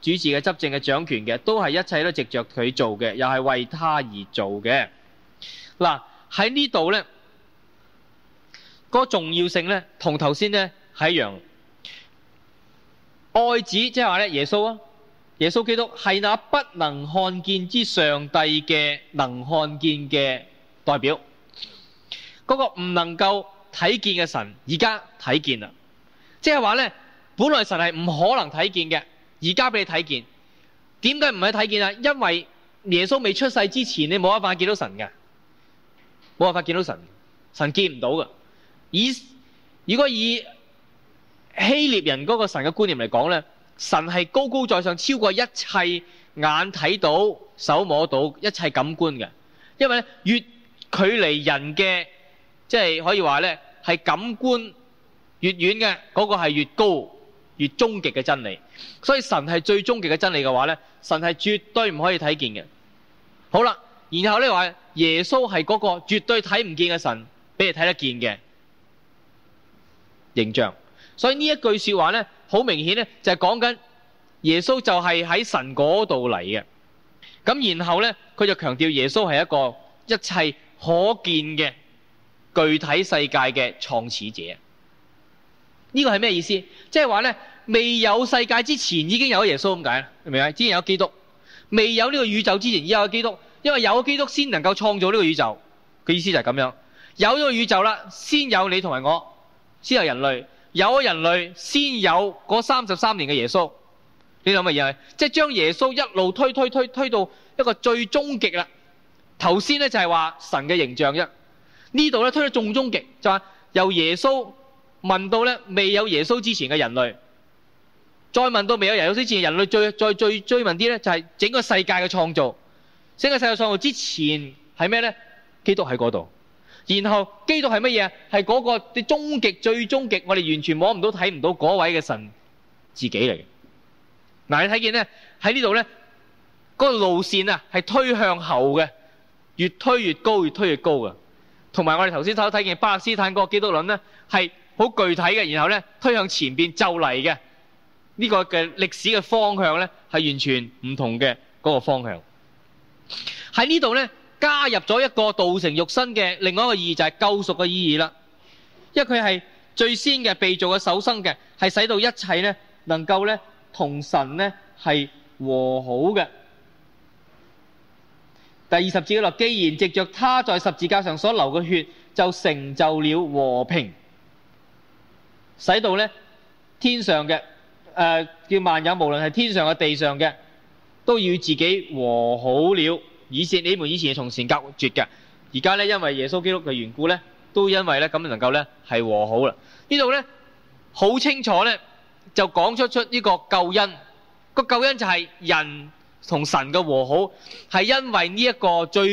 Speaker 1: 主持嘅執政嘅掌權嘅，都係一切都藉著佢做嘅，又係為他而做嘅。嗱喺呢度咧，嗰個重要性咧，同頭先咧係一樣。愛子即係話咧，耶穌啊，耶穌基督係那不能看見之上帝嘅能看見嘅代表。嗰個唔能夠睇見嘅神，而家睇見啦，即係話咧，本來神係唔可能睇見嘅。而家俾你睇見，點解唔係睇見啊？因為耶穌未出世之前，你冇辦法見到神嘅，冇辦法見到神，神見唔到嘅。以如果以希臘人嗰個神嘅觀念嚟講咧，神係高高在上，超過一切眼睇到、手摸到一切感官嘅。因為咧，越距離人嘅，即係可以話咧，係感官越遠嘅，嗰個係越高、越終極嘅真理。所以神係最終極嘅真理嘅話咧，神係絕對唔可以睇見嘅。好啦，然後咧話耶穌係嗰個絕對睇唔見嘅神俾你睇得見嘅形象。所以呢一句說話咧，好明顯咧就係講緊耶穌就係喺神嗰度嚟嘅。咁然後咧，佢就強調耶穌係一個一切可見嘅具體世界嘅創始者。呢個係咩意思？即係話咧。未有世界之前已經有耶穌咁解，你明唔明？之前有基督，未有呢個宇宙之前已有基督，因為有基督先能夠創造呢個宇宙。嘅意思就係咁樣，有咗宇宙啦，先有你同埋我，先有人類，有咗人類先有嗰三十三年嘅耶穌。你諗乜嘢？即係將耶穌一路推推推推到一個最終極啦。頭先咧就係話神嘅形象啫，呢度咧推到最終極，就話由耶穌問到咧未有耶穌之前嘅人類。再問到未有人。有之前，人類最再最追問啲咧，就係整個世界嘅創造。整個世界創造之前係咩咧？基督喺嗰度。然後基督係乜嘢？係嗰個啲終極最終極，我哋完全摸唔到睇唔到嗰位嘅神自己嚟嘅。嗱、啊，你睇見咧喺呢度咧，嗰、那個路線啊係推向後嘅，越推越高，越推越高嘅。同埋我哋頭先睇睇見巴勒斯坦嗰個基督論咧係好具體嘅，然後咧推向前邊就嚟嘅。呢個嘅歷史嘅方向咧，係完全唔同嘅嗰個方向。喺呢度咧，加入咗一個道成肉身嘅另外一個意義就係救贖嘅意義啦。因為佢係最先嘅被造嘅首生嘅，係使到一切咧能夠咧同神咧係和好嘅。第二十節嗰度，既然藉着他在十字架上所流嘅血，就成就了和平，使到咧天上嘅。誒，叫萬有，無論係天上嘅、地上嘅，都要自己和好了。以前你們以前係從前隔絕嘅，而家咧因為耶穌基督嘅緣故咧，都因為咧咁能夠咧係和好啦。呢度咧好清楚咧，就講出出呢個救恩，個救恩就係人同神嘅和好，係因為呢一個最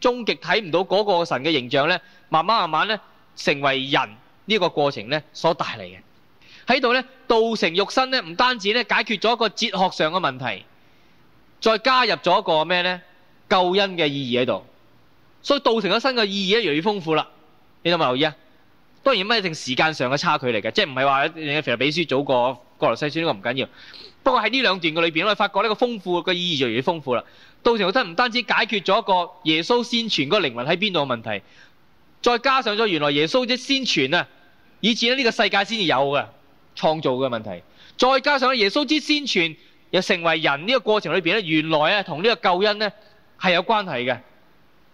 Speaker 1: 終極睇唔到嗰個神嘅形象咧，慢慢慢慢咧成為人呢個過程咧所帶嚟嘅。喺度咧，道成肉身咧，唔單止咧解決咗一個哲學上嘅問題，再加入咗一個咩咧救恩嘅意義喺度，所以道成肉身嘅意義越來越豐富啦。你有冇留意啊？當然咩一定時間上嘅差距嚟嘅，即係唔係話腓立比書早過歌羅西書，呢個唔緊要。不過喺呢兩段嘅裏邊咧，我哋發覺呢個豐富嘅意義越來越豐富啦。道成肉身唔單止解決咗一個耶穌先傳個靈魂喺邊度嘅問題，再加上咗原來耶穌即先傳啊，以前呢呢個世界先至有嘅。創造嘅問題，再加上耶穌之先傳，又成為人呢個過程裏邊咧，原來啊同呢個救恩咧係有關係嘅，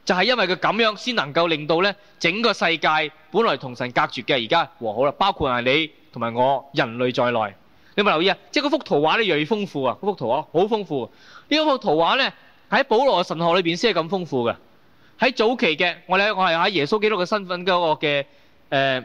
Speaker 1: 就係因為佢咁樣，先能夠令到咧整個世界本來同神隔絕嘅，而家和好啦，包括係你同埋我人類在內。你有冇留意啊？即係嗰幅圖畫咧，越嚟越豐富啊，嗰幅圖畫好豐富。呢一幅圖畫咧，喺保羅神學裏邊先係咁豐富嘅。喺早期嘅我咧，我係喺耶穌基督嘅身份嗰個嘅誒。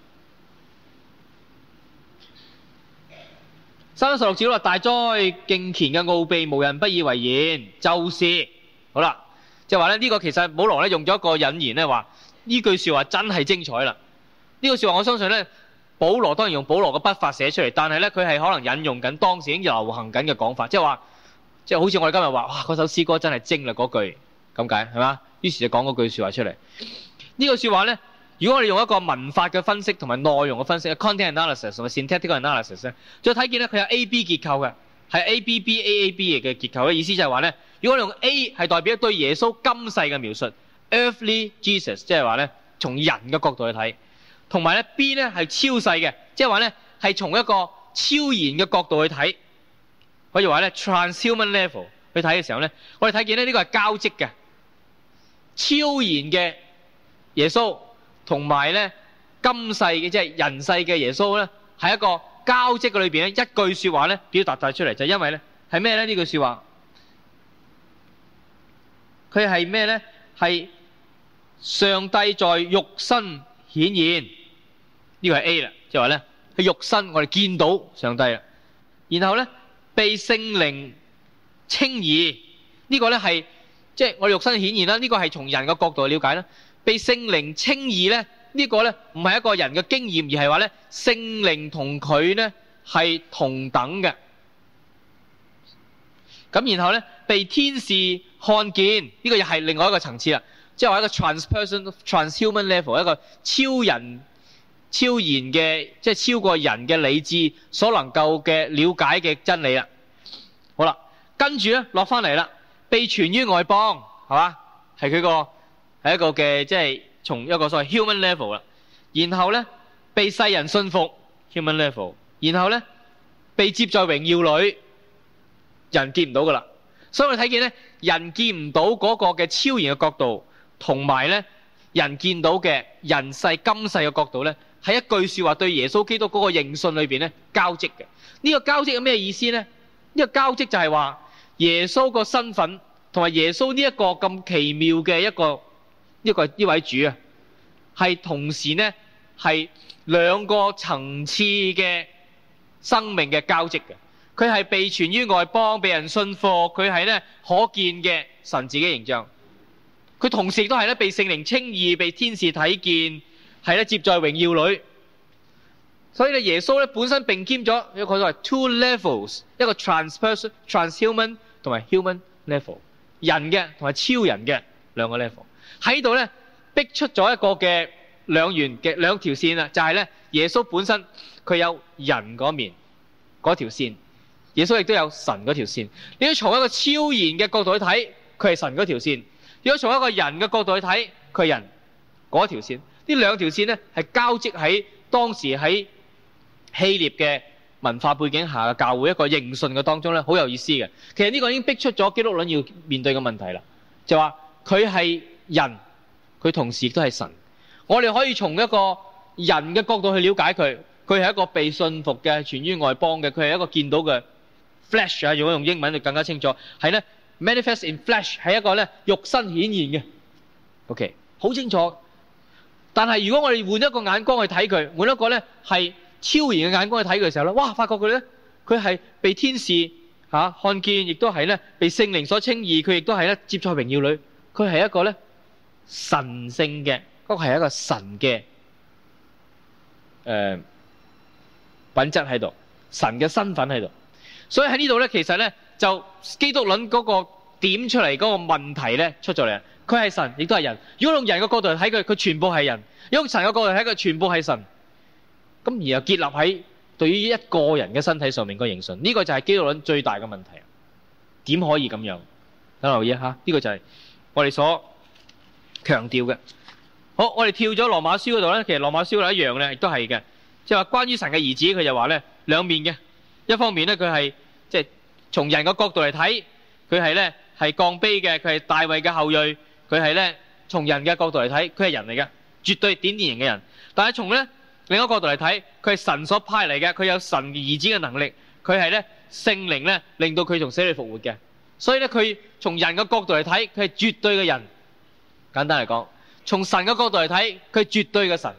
Speaker 1: 三十六節話大災敬虔嘅奧秘，無人不以為然。就是好啦，即係話咧呢、呢個其實保羅咧用咗一個引言咧，話呢句說話真係精彩啦。呢個說話我相信咧，保羅當然用保羅嘅筆法寫出嚟，但係咧佢係可能引用緊當時已經流行緊嘅講法，即係話，即係好似我哋今日話哇嗰首詩歌真係精啦嗰句咁解係嘛？於是就講嗰句說話出嚟。句呢個說話咧。如果我哋用一個文法嘅分析同埋內容嘅分析 （content analysis） 同埋 syntactical analysis 咧，就睇見咧佢有 A-B 結構嘅，係 A-B-B-A-A-B 嘅結構嘅意思就係話咧，如果我哋用 A 係代表對耶穌今世嘅描述 （earthly Jesus），即係話咧從人嘅角度去睇，同埋咧 B 咧係超世嘅，即係話咧係從一個超然嘅角度去睇，可以話咧 transhuman level 去睇嘅時候咧，我哋睇見呢呢個係交織嘅超然嘅耶穌。同埋咧，今世嘅即係人世嘅耶穌咧，喺一個交織嘅裏邊咧，一句說話咧表達晒出嚟，就因為咧係咩咧呢句說話？佢係咩咧？係上帝在肉身顯現，呢個係 A 啦，即係話咧，係肉身我哋見到上帝啦，然後咧被聖靈稱義，呢個咧係即係我哋肉身顯現啦，呢個係從人嘅角度去了解啦。被聖靈稱義咧，呢個咧唔係一個人嘅經驗，而係話咧聖靈同佢咧係同等嘅。咁然後咧被天使看見，呢個又係另外一個層次啦，即係話一個 transperson, transhuman level，一個超人、超然嘅，即係超過人嘅理智所能夠嘅了解嘅真理啦。好啦，跟住咧落翻嚟啦，被傳於外邦，係嘛，係佢個。係一個嘅，即係從一個所謂 human level 啦，然後咧被世人信服 human level，然後咧被接在榮耀裏，人見唔到噶啦。所以我哋睇見咧，人見唔到嗰個嘅超然嘅角度，同埋咧人見到嘅人世今世嘅角度咧，喺一句説話對耶穌基督嗰個認信裏邊咧交織嘅。呢個交織係咩意思咧？呢個交織就係話耶穌個身份同埋耶穌呢一個咁奇妙嘅一個。呢個呢位主啊，係同時呢，係兩個層次嘅生命嘅交織嘅。佢係被傳於外邦，被人信服；佢係呢，可見嘅神自己形象。佢同時都係呢，被聖靈稱義，被天使睇見，係呢接在榮耀裡。所以咧，耶穌呢本身並兼咗，一叫做係 two levels，一個 transperson transhuman 同埋 human level，人嘅同埋超人嘅兩個 level。喺度咧逼出咗一個嘅兩元嘅兩條線啦，就係咧耶穌本身佢有人嗰面嗰條線，耶穌亦都有神嗰條線。你要從一個超然嘅角度去睇，佢係神嗰條線；你要從一個人嘅角度去睇，佢係人嗰條線。呢兩條線咧係交織喺當時喺希臘嘅文化背景下嘅教會一個認信嘅當中咧，好有意思嘅。其實呢個已經逼出咗基督論要面對嘅問題啦，就話佢係。人佢同時亦都係神，我哋可以從一個人嘅角度去了解佢。佢係一個被信服嘅，傳於外邦嘅。佢係一個見到嘅 flesh 啊，Flesh，如果用英文就更加清楚，係咧 manifest in flesh 係一個咧肉身顯現嘅。OK，好清楚。但係如果我哋換一個眼光去睇佢，換一個咧係超然嘅眼光去睇佢嘅時候咧，哇！發覺佢咧，佢係被天使嚇、啊、看見，亦都係咧被聖靈所稱義，佢亦都係咧接在榮耀裡。佢係一個咧。神性嘅，嗰個係一個神嘅，誒、呃、品質喺度，神嘅身份喺度，所以喺呢度咧，其實咧就基督論嗰個點出嚟嗰個問題咧出咗嚟，佢係神亦都係人。如果用人嘅角度睇佢，佢全部係人；如果用神嘅角度睇佢，全部係神。咁然後結立喺對於一個人嘅身體上面個認信，呢、這個就係基督論最大嘅問題。點可以咁樣？等留意一下，呢、這個就係我哋所。強調嘅，好，我哋跳咗羅馬書嗰度咧，其實羅馬書度一樣咧，亦都係嘅，即係話關於神嘅兒子，佢就話咧兩面嘅，一方面咧佢係即係從人嘅角度嚟睇，佢係咧係降卑嘅，佢係大衛嘅後裔，佢係咧從人嘅角度嚟睇，佢係人嚟嘅，絕對典型型嘅人，但係從咧另一個角度嚟睇，佢係神所派嚟嘅，佢有神兒子嘅能力，佢係咧聖靈咧令到佢從死裏復活嘅，所以咧佢從人嘅角度嚟睇，佢係絕對嘅人。簡單嚟講，從神嘅角度嚟睇，佢絕對嘅神，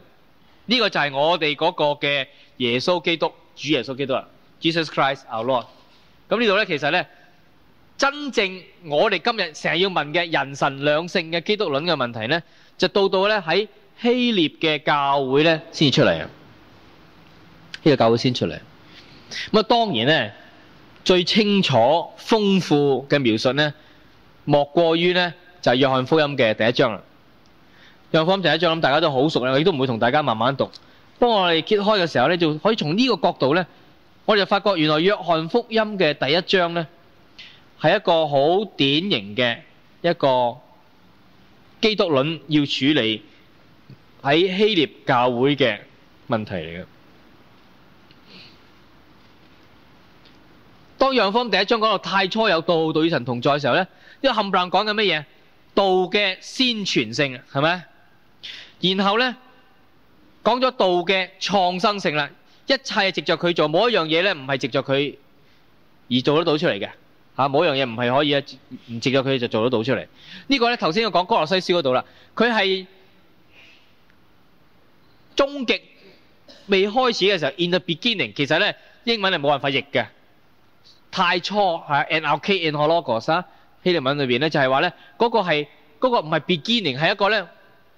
Speaker 1: 呢個就係我哋嗰個嘅耶穌基督，主耶穌基督啊，Jesus Christ our Lord。咁呢度咧，其實咧，真正我哋今日成日要問嘅人神兩性嘅基督論嘅問題咧，就到到咧喺希臘嘅教會咧先至出嚟。希臘教會先出嚟。咁啊，當然咧，最清楚豐富嘅描述咧，莫過於咧。就係約翰福音嘅第一章啦。約翰福音第一章咁大家都好熟啦，我亦都唔會同大家慢慢讀。當我哋揭開嘅時候咧，就可以從呢個角度咧，我哋就發覺原來約翰福音嘅第一章咧，係一個好典型嘅一個基督論要處理喺希臘教會嘅問題嚟嘅。當約翰福音第一章講到太初有道，道與神同在嘅時候咧，呢個冚唪唥講緊乜嘢？道嘅先傳性啊，係咪？然後咧，講咗道嘅創新性啦，一切係藉著佢做，冇一樣嘢咧唔係藉著佢而做得到出嚟嘅。吓，冇一樣嘢唔係可以啊，唔藉著佢就做得到出嚟。呢個咧頭先我講《哥羅西書》嗰度啦，佢係終極未開始嘅時候，in the beginning，其實咧英文係冇辦法譯嘅，太初係，en arche en ho logos。希臘文裏邊咧就係話咧嗰個係嗰個唔係 beginning，係一個咧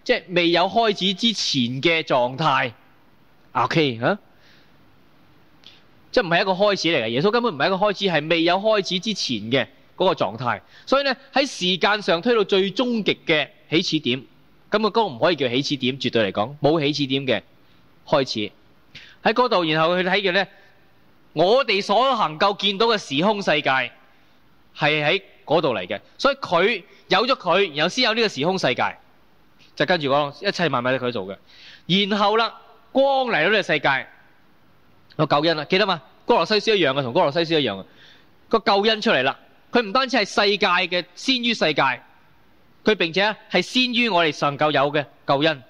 Speaker 1: 即係未有開始之前嘅狀態。O.K. 啊，即係唔係一個開始嚟嘅。耶穌根本唔係一個開始，係未有開始之前嘅嗰個狀態。所以咧喺時間上推到最終極嘅起始點，咁佢嗰個唔可以叫起始點，絕對嚟講冇起始點嘅開始。喺嗰度，然後去睇嘅咧，我哋所能夠見到嘅時空世界係喺。嗰度嚟嘅，所以佢有咗佢，然後先有呢個時空世界，就跟住講一切萬物都係佢做嘅。然後啦，光嚟到呢個世界，個救恩啦，記得嘛？歌羅西書一樣嘅，同歌羅西書一樣嘅，個救恩出嚟啦。佢唔單止係世界嘅先於世界，佢並且係先於我哋上舊有嘅救恩。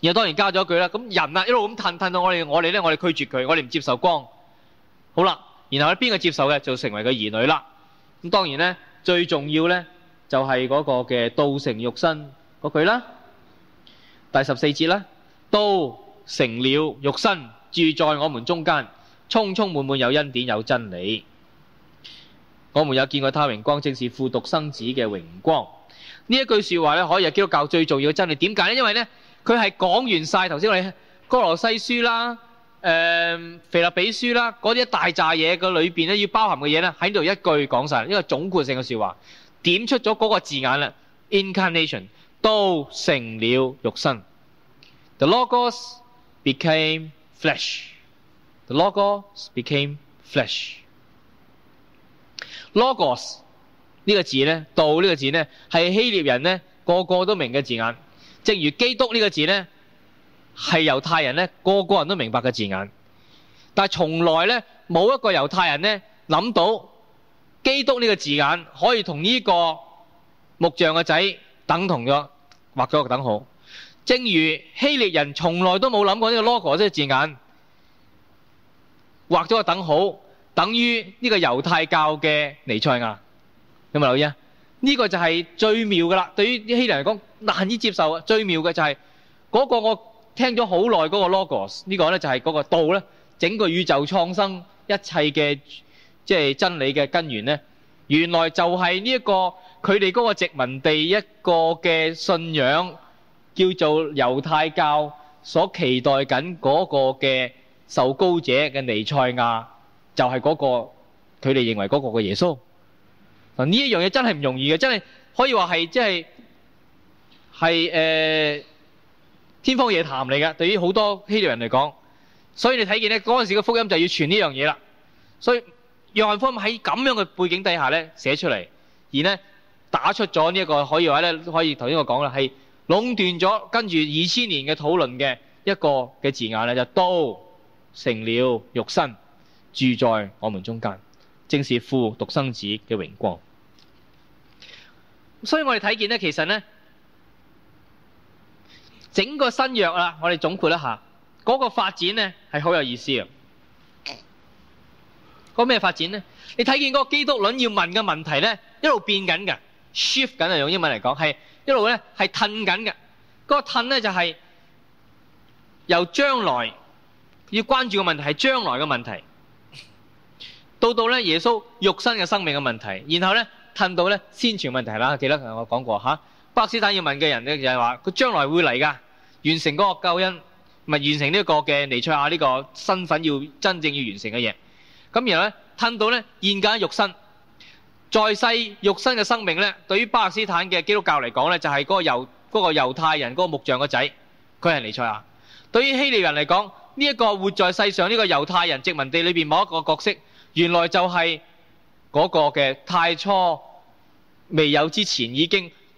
Speaker 1: 然後當然加咗一句啦，咁人啊一路咁探單到我哋，我哋咧我哋拒絕佢，我哋唔接受光，好啦。然後咧邊個接受嘅就成為個兒女啦。咁當然咧。最重要咧，就係、是、嗰個嘅道成肉身嗰句啦，第十四節啦，道成了肉身，住在我們中間，充充滿滿有恩典有真理。我們有見過他榮光，正是父獨生子嘅榮光。呢一句說話咧，可以係基督教最重要嘅真理。點解咧？因為咧，佢係講完晒頭先我哋哥羅西書啦。誒、嗯，腓立比書啦，嗰啲一大扎嘢嘅裏邊咧，要包含嘅嘢咧，喺度一句講晒。一個總括性嘅說話，點出咗嗰個字眼啦 incarnation 都成了肉身，the logos became flesh，the logos became flesh，logos 呢個字咧，道呢個字咧，係希臘人咧個個都明嘅字眼，正如基督呢個字咧。係猶太人咧，個個人都明白嘅字眼，但係從來咧冇一個猶太人咧諗到基督呢個字眼可以同呢個木匠嘅仔等同咗，畫咗個等號。正如希臘人從來都冇諗過呢個 Logos 呢個字眼畫咗個等號，等於呢個猶太教嘅彌賽亞。有冇留意啊？呢個就係最妙噶啦，對於啲希臘人嚟講難以接受啊！最妙嘅就係嗰個我。聽咗好耐嗰個 logos，呢個咧就係嗰個道咧，整個宇宙創生一切嘅即係真理嘅根源咧。原來就係呢一個佢哋嗰個殖民地一個嘅信仰，叫做猶太教所期待緊嗰個嘅受膏者嘅彌賽亞，就係嗰個佢哋認為嗰個嘅耶穌。嗱，呢一樣嘢真係唔容易嘅，真係可以話係即係係誒。天方夜譚嚟嘅。對於好多希臘人嚟講，所以你睇見咧嗰陣時嘅福音就要傳呢樣嘢啦。所以約翰福音喺咁樣嘅背景底下咧寫出嚟，而咧打出咗呢一個可以話咧可以頭先我講啦，係壟斷咗跟住二千年嘅討論嘅一個嘅字眼咧，就都成了肉身住在我們中間，正是父獨生子嘅榮光。所以我哋睇見咧，其實咧。整個新約啦，我哋總括一下，嗰個發展咧係好有意思嘅。嗰咩發展咧？你睇見嗰個基督論要問嘅問題咧，一路變緊嘅，shift 緊啊！用英文嚟講係一路咧係褪緊嘅。嗰個褪咧就係由將來要關注嘅問題係將來嘅問題，到到咧耶穌肉身嘅生命嘅問題，然後咧褪到咧先存問題啦。記得我講過嚇。巴勒斯坦要問嘅人咧，就係話佢將來會嚟噶，完成嗰個救恩，咪完成呢一個嘅彌賽亞呢個身份要真正要完成嘅嘢。咁然後咧，吞到咧現界肉身，在世肉身嘅生命咧，對於巴勒斯坦嘅基督教嚟講咧，就係嗰個猶嗰個猶太人嗰個木匠嘅仔，佢係彌賽亞。對於希利人嚟講，呢一個活在世上呢個猶太人殖民地裏邊某一個角色，原來就係嗰個嘅太初未有之前已經。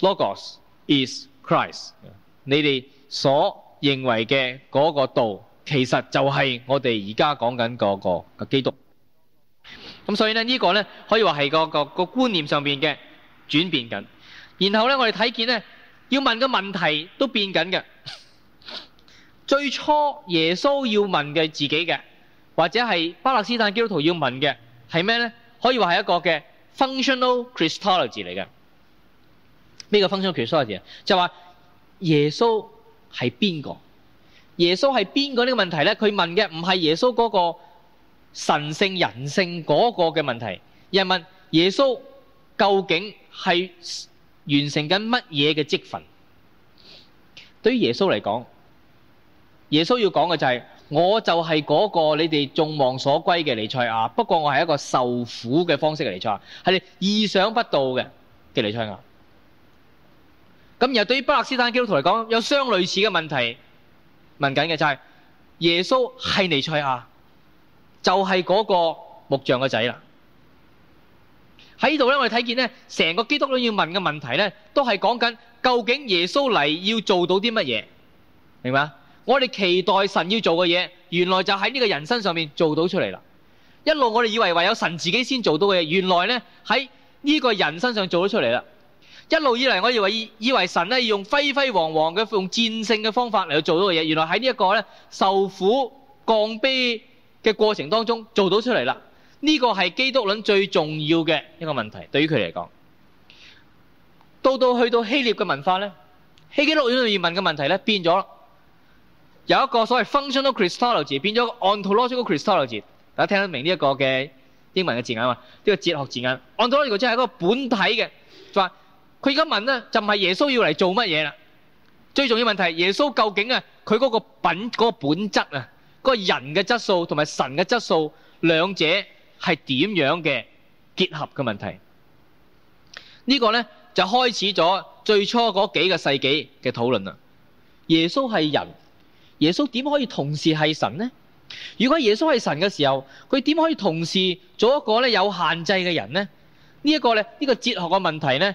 Speaker 1: Logos is Christ。你哋所認為嘅嗰個道，其實就係我哋而家講緊嗰個嘅基督。咁所以呢，呢、呢個呢，可以話係個個個觀念上邊嘅轉變緊。然後呢，我哋睇見呢，要問嘅問題都變緊嘅。 最初耶穌要問嘅自己嘅，或者係巴勒斯坦基督徒要問嘅係咩呢？可以話係一個嘅 functional Christology 嚟嘅。咩個分章權書嘅嘢？就係話耶穌係邊個？耶穌係邊個呢個問題咧？佢問嘅唔係耶穌嗰個神性人性嗰個嘅問題，而係問耶穌究竟係完成緊乜嘢嘅職分？對於耶穌嚟講，耶穌要講嘅就係、是、我就係嗰個你哋眾望所歸嘅彌賽亞，不過我係一個受苦嘅方式嘅彌賽亞，係你意想不到嘅嘅彌賽亞。咁而係對於巴勒斯坦基督徒嚟講，有相類似嘅問題問緊嘅就係耶穌係尼賽亞，就係嗰個木匠嘅仔啦。喺呢度咧，我哋睇見咧，成個基督徒要問嘅問題咧，都係講緊究竟耶穌嚟要做到啲乜嘢？明白？我哋期待神要做嘅嘢，原來就喺呢個人身上面做到出嚟啦。一路我哋以為唯有神自己先做到嘅嘢，原來咧喺呢個人身上做咗出嚟啦。一路以嚟，我以為以為神咧要用輝輝煌煌嘅用戰勝嘅方法嚟去做到嘅嘢。原來喺呢一個咧受苦降卑嘅過程當中做到出嚟啦。呢、這個係基督論最重要嘅一個問題，對於佢嚟講。到到去到希臘嘅文化咧，希基督論要問嘅問題咧變咗，有一個所謂 functional Christology 變咗 ontological Christology。大家聽得明呢一個嘅英文嘅字眼嘛？呢、這個哲學字眼 ontological 即係一個本體嘅，就話。佢而家問咧，就唔係耶穌要嚟做乜嘢啦？最重要問題，那個那個、問題，耶穌究竟啊，佢嗰個品嗰個本質啊，個人嘅質素同埋神嘅質素兩者係點樣嘅結合嘅問題？呢個咧就開始咗最初嗰幾個世紀嘅討論啦。耶穌係人，耶穌點可以同時係神呢？如果耶穌係神嘅時候，佢點可以同時做一個咧有限制嘅人呢？這個、呢一個咧，呢、這個哲學嘅問題咧。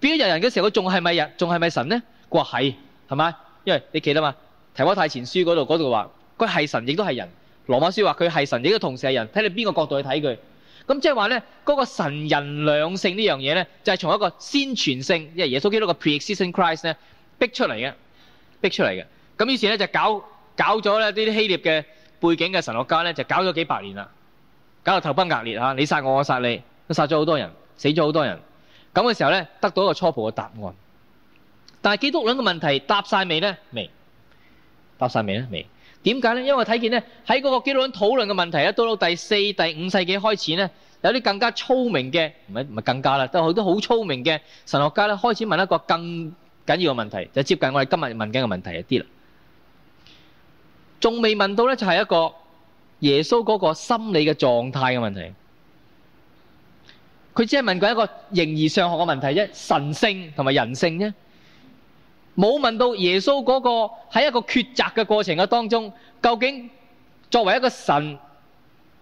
Speaker 1: 變咗人嘅時候，佢仲係咪人？仲係咪神呢？佢話係，係咪？因為你記得嘛，《提摩太前書》嗰度，嗰度話佢係神，亦都係人。羅馬書話佢係神，亦都同時係人。睇你邊個角度去睇佢。咁即係話咧，嗰個神人兩性呢樣嘢咧，就係從一個先存性，即係耶穌基督個 pre-existent Christ 咧，逼出嚟嘅，逼出嚟嘅。咁於是咧就搞搞咗咧啲希臘嘅背景嘅神學家咧，就搞咗幾百年啦，搞到頭崩額裂吓，你殺我，我殺你，都殺咗好多人，死咗好多人。咁嘅時候咧，得到一個初步嘅答案。但係基督論嘅問題答晒未咧？未答晒未咧？未。點解咧？因為我睇見咧喺嗰個基督論討論嘅問題咧，到到第四、第五世紀開始咧，有啲更加聰明嘅唔係唔係更加啦，都好多好聰明嘅神學家咧，開始問一個更緊要嘅問題，就係接近我哋今日問緊嘅問題一啲啦。仲未問到咧，就係一個耶穌嗰個心理嘅狀態嘅問題。佢只係問過一個形而上學嘅問題啫，神性同埋人性啫，冇問到耶穌嗰個喺一個抉擇嘅過程嘅當中，究竟作為一個神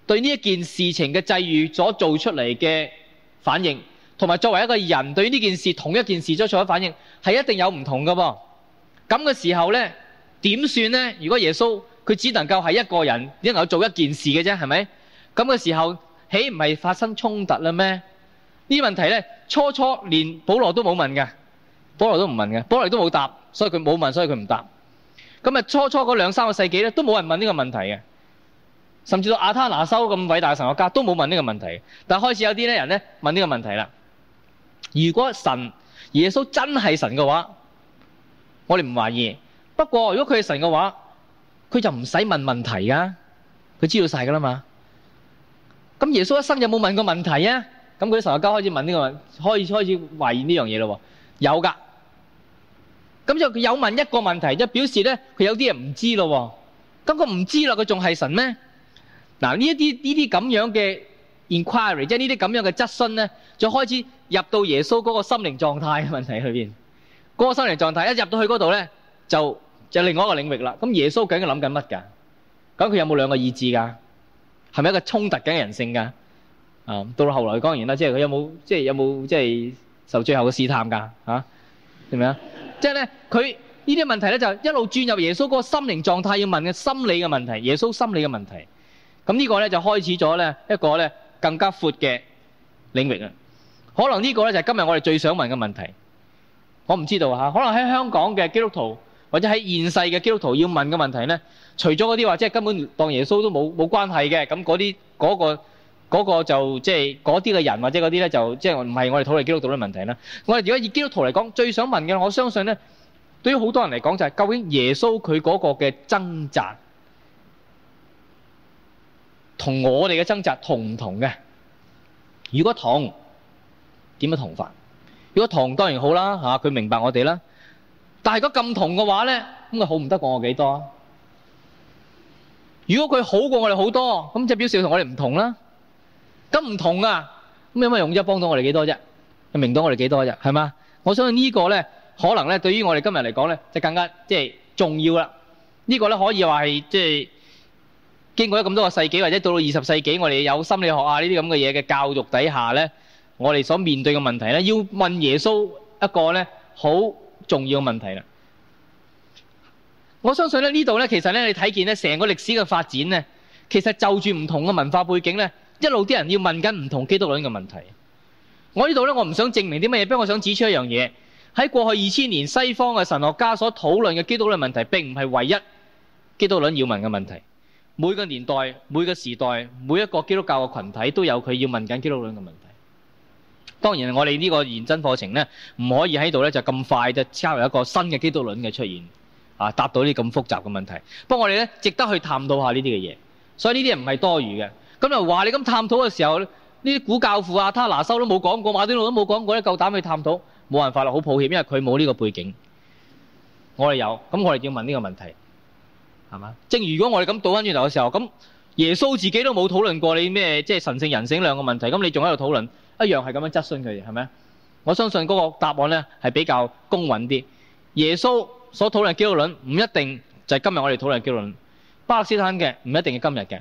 Speaker 1: 對呢一件事情嘅際遇所做出嚟嘅反應，同埋作為一個人對呢件事同一件事所做出反應，係一定有唔同嘅喎。咁嘅時候呢，點算呢？如果耶穌佢只能夠係一個人，只能夠做一件事嘅啫，係咪？咁嘅時候，豈唔係發生衝突啦？咩？呢個問題咧，初初連保羅都冇問嘅，保羅都唔問嘅，保羅亦都冇答，所以佢冇問，所以佢唔答。咁啊，初初嗰兩三個世紀咧，都冇人問呢個問題嘅，甚至到亞他拿修咁偉大嘅神學家都冇問呢個問題。但開始有啲咧人咧問呢個問題啦。如果神耶穌真係神嘅話，我哋唔懷疑。不過如果佢係神嘅話，佢就唔使問問題噶，佢知道晒噶啦嘛。咁耶穌一生有冇問過問題啊？咁佢啲神學家開始問呢個問，開始開始懷疑呢樣嘢咯喎，有噶。咁就佢有問一個問題，即係表示咧佢有啲人唔知咯喎。咁佢唔知啦，佢仲係神咩？嗱呢一啲呢啲咁樣嘅 inquiry，即係呢啲咁樣嘅質詢咧，就開始入到耶穌嗰個心靈狀態嘅問題裏邊。嗰個心靈狀態一入到去嗰度咧，就就另外一個領域啦。咁耶穌究竟諗緊乜噶？咁佢有冇兩個意志噶？係咪一個衝突緊嘅人性噶？啊，到咗後來，當然啦，即係佢有冇，即係有冇，即係受最後嘅試探噶，吓，係咪啊？即係咧，佢呢啲問題咧，就一路轉入耶穌嗰個心靈狀態要問嘅心理嘅問題，耶穌心理嘅問題。咁呢個咧就開始咗咧一個咧更加闊嘅領域啦。可能呢個咧就係今日我哋最想問嘅問題，我唔知道吓。可能喺香港嘅基督徒，或者喺現世嘅基督徒要問嘅問題咧，除咗嗰啲話即係根本當耶穌都冇冇關係嘅，咁嗰啲嗰個。嗰個就即係嗰啲嘅人或者嗰啲咧，就即係唔係我哋討論基督徒嘅問題啦。我哋如果以基督徒嚟講，最想問嘅，我相信咧，對於好多人嚟講就係究竟耶穌佢嗰個嘅掙扎，同我哋嘅掙扎同唔同嘅？如果同，點樣同法？如果同，當然好啦嚇，佢明白我哋啦。但係如果咁同嘅話咧，咁佢好唔得過我幾多？如果佢好過我哋好多，咁即係表示同我哋唔同啦。咁唔同啊！咁有咩用啫，幫到我哋幾多啫？明到我哋幾多啫？係嘛？我相信呢個咧，可能咧，對於我哋今日嚟講咧，就更加即係重要啦。呢個咧可以話係即係經過咗咁多個世紀，或者到咗二十世紀，我哋有心理學啊呢啲咁嘅嘢嘅教育底下咧，我哋所面對嘅問題咧，要問耶穌一個咧好重要嘅問題啦。我相信咧，呢度咧，其實咧，你睇見咧，成個歷史嘅發展咧，其實就住唔同嘅文化背景咧，一路啲人要問緊唔同基督論嘅問題，我呢度咧，我唔想證明啲乜嘢，不過我想指出一樣嘢：喺過去二千年西方嘅神學家所討論嘅基督論問題，並唔係唯一基督論要問嘅問題。每個年代、每個時代、每一個基督教嘅群體都有佢要問緊基督論嘅問題。當然，我哋呢個言真課程咧，唔可以喺度咧就咁快就插入一個新嘅基督論嘅出現啊，答到呢啲咁複雜嘅問題。不過我哋咧值得去探討下呢啲嘅嘢，所以呢啲唔係多餘嘅。咁又話你咁探討嘅時候，呢啲古教父啊，他拿修都冇講過，馬丁路都冇講過，你夠膽去探討？冇辦法啦，好抱歉，因為佢冇呢個背景，我哋有，咁我哋要問呢個問題，係嘛？正如果我哋咁倒翻轉頭嘅時候，咁耶穌自己都冇討論過你咩，即係神性人性兩個問題，咁你仲喺度討論，一樣係咁樣質詢佢，係咪？我相信嗰個答案咧係比較公允啲。耶穌所討論嘅基督論唔一定就係今日我哋討論嘅基督論，巴勒斯坦嘅唔一定係今日嘅。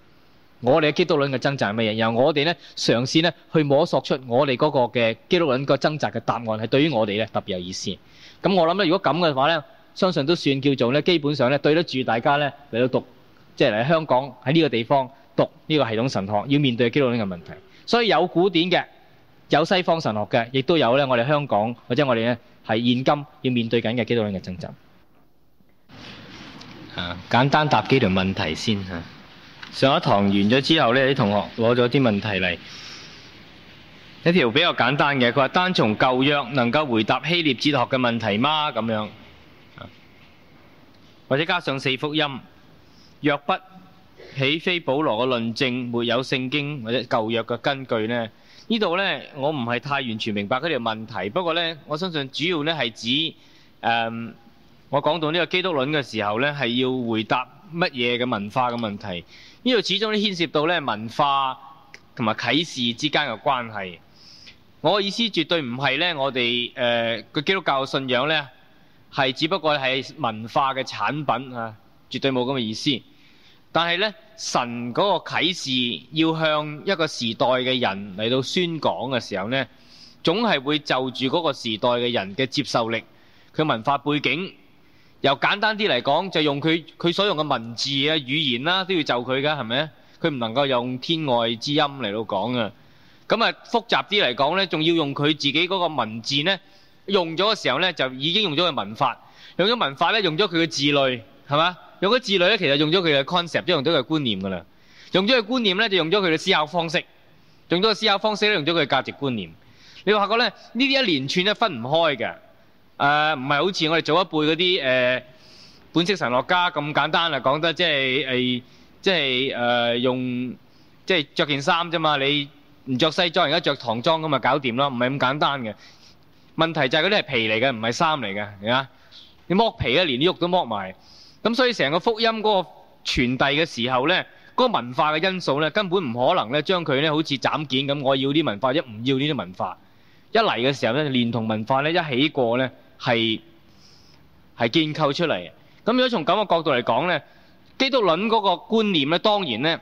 Speaker 1: 我哋嘅基督論嘅掙扎係乜嘢？由我哋咧嘗試咧去摸索出我哋嗰個嘅基督論嘅掙扎嘅答案，係對於我哋咧特別有意思。咁我諗咧，如果咁嘅話咧，相信都算叫做咧，基本上咧對得住大家咧嚟到讀，即係嚟香港喺呢個地方讀呢個系統神學要面對嘅基督論嘅問題。所以有古典嘅，有西方神學嘅，亦都有咧我哋香港或者我哋咧係現今要面對緊嘅基督論嘅掙扎。啊，簡單答幾條問題先吓。上一堂完咗之後咧，啲同學攞咗啲問題嚟，一條比較簡單嘅，佢話單從舊約能夠回答希臘哲學嘅問題嗎？咁樣，或者加上四福音，若不起非保羅嘅論證沒有聖經或者舊約嘅根據咧，呢度咧我唔係太完全明白佢條問題。不過咧，我相信主要咧係指誒，我講到呢個基督論嘅時候咧，係要回答。乜嘢嘅文化嘅問題？呢度始終都牽涉到咧文化同埋啟示之間嘅關係，我嘅意思絕對唔係咧，我哋誒個基督教信仰咧，係只不過係文化嘅產品啊，絕對冇咁嘅意思。但係咧，神嗰個啟示要向一個時代嘅人嚟到宣講嘅時候咧，總係會就住嗰個時代嘅人嘅接受力、佢文化背景。由簡單啲嚟講，就用佢佢所用嘅文字啊語言啦，都要就佢噶，係咪？佢唔能夠用天外之音嚟到講啊。咁啊，複雜啲嚟講咧，仲要用佢自己嗰個文字咧，用咗嘅時候咧，就已經用咗佢文法。用咗文法咧，用咗佢嘅字類，係嘛？用咗字類咧，其實用咗佢嘅 concept，用咗佢嘅觀念㗎啦。用咗佢觀念咧，就用咗佢嘅思考方式。用咗個思考方式咧，用咗佢價值觀念。你話過咧，呢啲一連串都分唔開㗎。誒唔係好似我哋做一輩嗰啲誒本色神學家咁簡單啦，講得即係誒即係誒用即係着件衫啫嘛。你唔着西裝，而家着唐裝咁啊，搞掂啦。唔係咁簡單嘅問題，就係嗰啲係皮嚟嘅，唔係衫嚟嘅嚇。你剝皮啊，連啲肉都剝埋咁，所以成個福音嗰個傳遞嘅時候咧，嗰個文化嘅因素咧，根本唔可能咧將佢咧好似斬件咁。我要啲文化，一唔要呢啲文化一嚟嘅時候咧，連同文化咧一起過咧，係係建構出嚟嘅，咁如果從咁嘅角度嚟講咧，基督論嗰個觀念咧，當然咧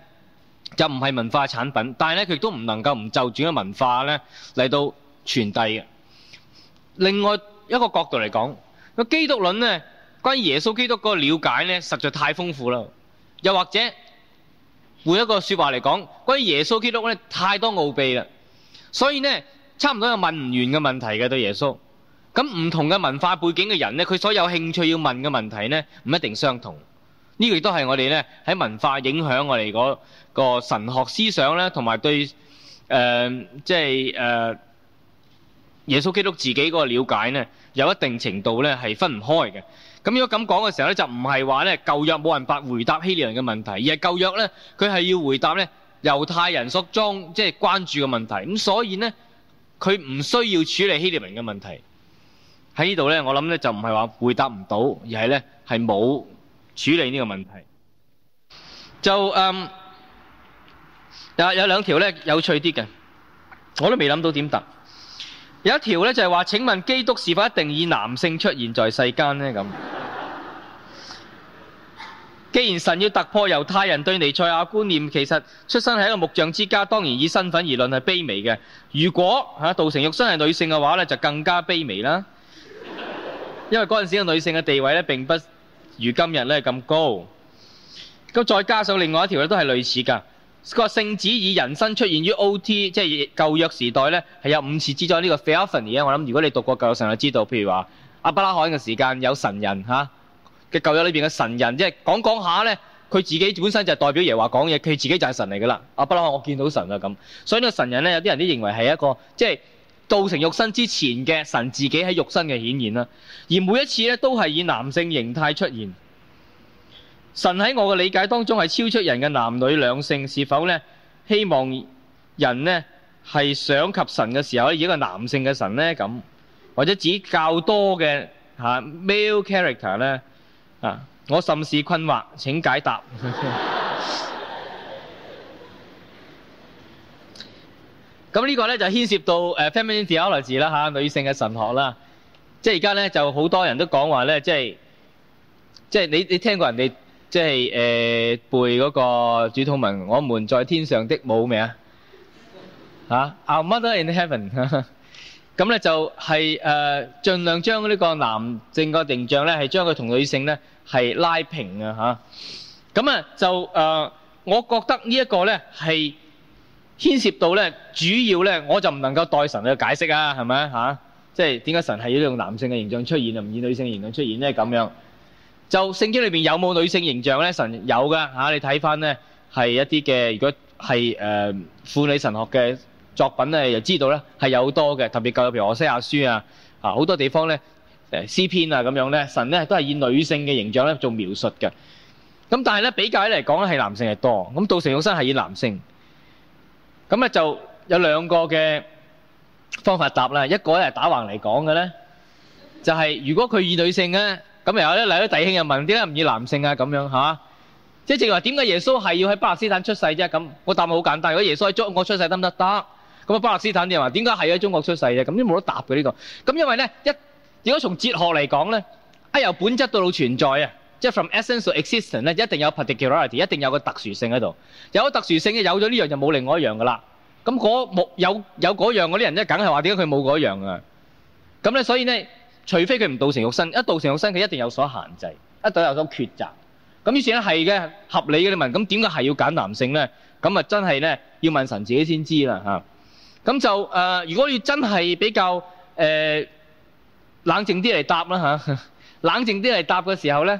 Speaker 1: 就唔係文化產品，但係咧佢都唔能夠唔就住個文化咧嚟到傳遞嘅。另外一個角度嚟講，個基督論咧，關於耶穌基督個了解咧，實在太豐富啦。又或者換一個說話嚟講，關於耶穌基督咧，太多奧秘啦，所以咧差唔多有問唔完嘅問題嘅對耶穌。咁唔同嘅文化背景嘅人咧，佢所有興趣要問嘅問題咧，唔一定相同。呢個亦都係我哋咧喺文化影響我哋嗰個神學思想咧，同埋對誒即係誒耶穌基督自己嗰個瞭解咧，有一定程度咧係分唔開嘅。咁如果咁講嘅時候咧，就唔係話咧舊約冇人答回答希臘人嘅問題，而係舊約咧佢係要回答咧猶太人所裝即係關注嘅問題。咁所以咧佢唔需要處理希臘人嘅問題。喺呢度咧，我諗咧就唔係話回答唔到，而係咧係冇處理呢個問題。就誒，有有兩條咧有趣啲嘅，我都未諗到點答。有一條咧就係話，請問基督是否一定以男性出現在世間咧？咁，既然神要突破猶太人對彌賽亞觀念，其實出生喺一個木匠之家，當然以身份而論係卑微嘅。如果吓道成肉身係女性嘅話咧，就更加卑微啦。因為嗰陣時嘅女性嘅地位咧，並不如今日咧咁高。咁再加上另外一條咧，都係類似㗎。個聖子以人身出現於 OT，即係舊約時代咧，係有五次之在呢、呢個 Theophany 我諗如果你讀過舊約神就知道，譬如話阿伯拉罕嘅時間有神人吓嘅舊約裏面嘅神人，即係講講下咧，佢自己本身就係代表耶華講嘢，佢自己就係神嚟㗎啦。阿伯拉罕我見到神就咁，所以呢個神人咧，有啲人都認為係一個即係道成肉身之前嘅神自己喺肉身嘅顯現啦，而每一次咧都係以男性形態出現。神喺我嘅理解當中係超出人嘅男女兩性，是否咧希望人咧係想及神嘅時候，以一個男性嘅神咧咁，或者指較多嘅吓 male character 咧啊？我甚是困惑，請解答。 咁呢個咧就牽涉到誒 feminine theology 啦嚇，女性嘅神學啦，即係而家咧就好多人都講話咧，即係即係你你聽過人哋即係誒背嗰個主禱文，我們在天上的母咩啊？嚇，Our mother in heaven。咁咧就係誒，盡量將呢個男性個形象咧，係將佢同女性咧係拉平啊嚇。咁啊就誒，我覺得呢一個咧係。牽涉到咧，主要咧，我就唔能夠代神去解釋啊，係咪、啊、即係點解神係要用男性嘅形象出現，而唔以女性嘅形象出現咧？咁樣就聖經裏面有冇女性形象咧？神有噶嚇，你睇翻咧係一啲嘅，如果係誒婦女神學嘅作品咧，就知道咧係有多嘅，特別舊約譬如，如何西阿書啊，啊好多地方咧誒詩篇啊咁樣咧，神咧都係以女性嘅形象咧做描述嘅。咁但係咧比較起嚟講咧，係男性係多。咁道成肉身係以男性。咁咧就有兩個嘅方法答啦，一個咧係打橫嚟講嘅咧，就係如果佢以女性咧，咁又有一嚟啲弟兄又問點解唔以男性啊咁樣吓，即係正話點解耶穌係要喺巴勒斯坦出世啫？咁我答咪好簡單，如果耶穌喺中國出世得唔得？得，咁啊巴勒斯坦又話點解係喺中國出世啫？咁都冇得答嘅呢個，咁因為咧一如果從哲學嚟講咧，一由本質到到存在啊。即係 from essence to existence 咧，一定有 particularity，一定有個特殊性喺度。有個特殊性嘅，有咗呢樣就冇另外一樣㗎喇。咁嗰冇有有嗰樣嗰啲人咧，梗係話點解佢冇嗰樣啊？咁咧，所以咧，除非佢唔道成肉身，一道成肉身，佢一定有所限制，一定有所抉擇。咁於是咧，係嘅，合理嘅。你問咁點解係要揀男性咧？咁啊，真係咧要問神自己先知啦嚇。咁就誒，如果你真係比較誒冷靜啲嚟答啦嚇，冷靜啲嚟答嘅時候咧。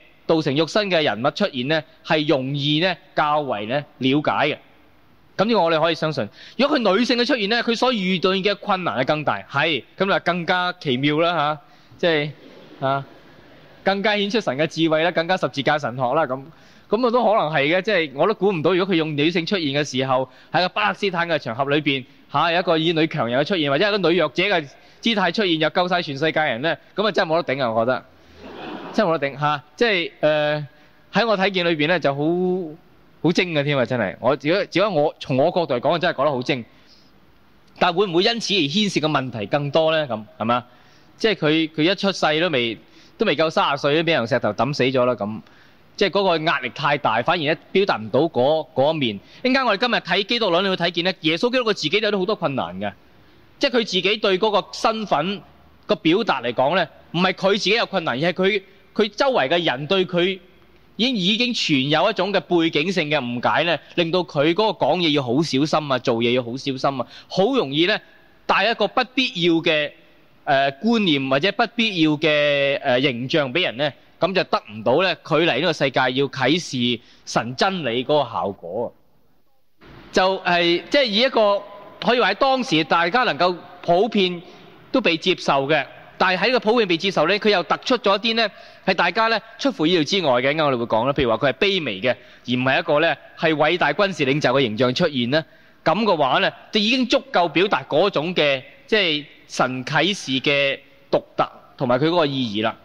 Speaker 1: 造成肉身嘅人物出現呢，係容易咧，較為呢了解嘅。咁呢個我哋可以相信。如果佢女性嘅出現呢，佢所遇到嘅困難係更大，係咁啊，就更加奇妙啦吓、啊，即係、啊、更加顯出神嘅智慧啦，更加十字架神學啦咁。咁啊都可能係嘅，即係我都估唔到，如果佢用女性出現嘅時候喺個巴勒斯坦嘅場合裏邊嚇、啊、有一個以女強人嘅出現或者係個女弱者嘅姿態出現又救曬全世界人咧，咁啊真係冇得頂啊！我覺得。真我得定下、啊，即係誒喺我睇見裏面咧就好好精嘅添啊！真係，我只係只係我從我，我角度嚟講，真係講得好精。但會唔會因此而牽涉嘅問題更多咧？咁係嘛？即係佢佢一出世都未都未夠三十歲，都俾人石頭抌死咗啦！咁即係嗰個壓力太大，反而咧表達唔到嗰嗰一面。依家我哋今日睇基督論你會睇見咧，耶穌基督佢自己都有好多困難嘅，即係佢自己對嗰個身份、個表達嚟講咧，唔係佢自己有困難，而係佢。佢周圍嘅人對佢已已經存有一種嘅背景性嘅誤解咧，令到佢嗰個講嘢要好小心啊，做嘢要好小心啊，好容易咧帶一個不必要嘅誒、呃、觀念或者不必要嘅誒、呃、形象俾人咧，咁就得唔到咧佢嚟呢個世界要啟示神真理嗰個效果。就係即係以一個可以話喺當時大家能夠普遍都被接受嘅。但係喺個普遍被接受咧，佢又突出咗啲咧係大家咧出乎意料之外嘅，啱我哋會講啦。譬如話佢係卑微嘅，而唔係一個咧係偉大軍事領袖嘅形象出現咧。咁嘅話咧，就已經足夠表達嗰種嘅即係神啟示嘅獨特同埋佢嗰個意義啦。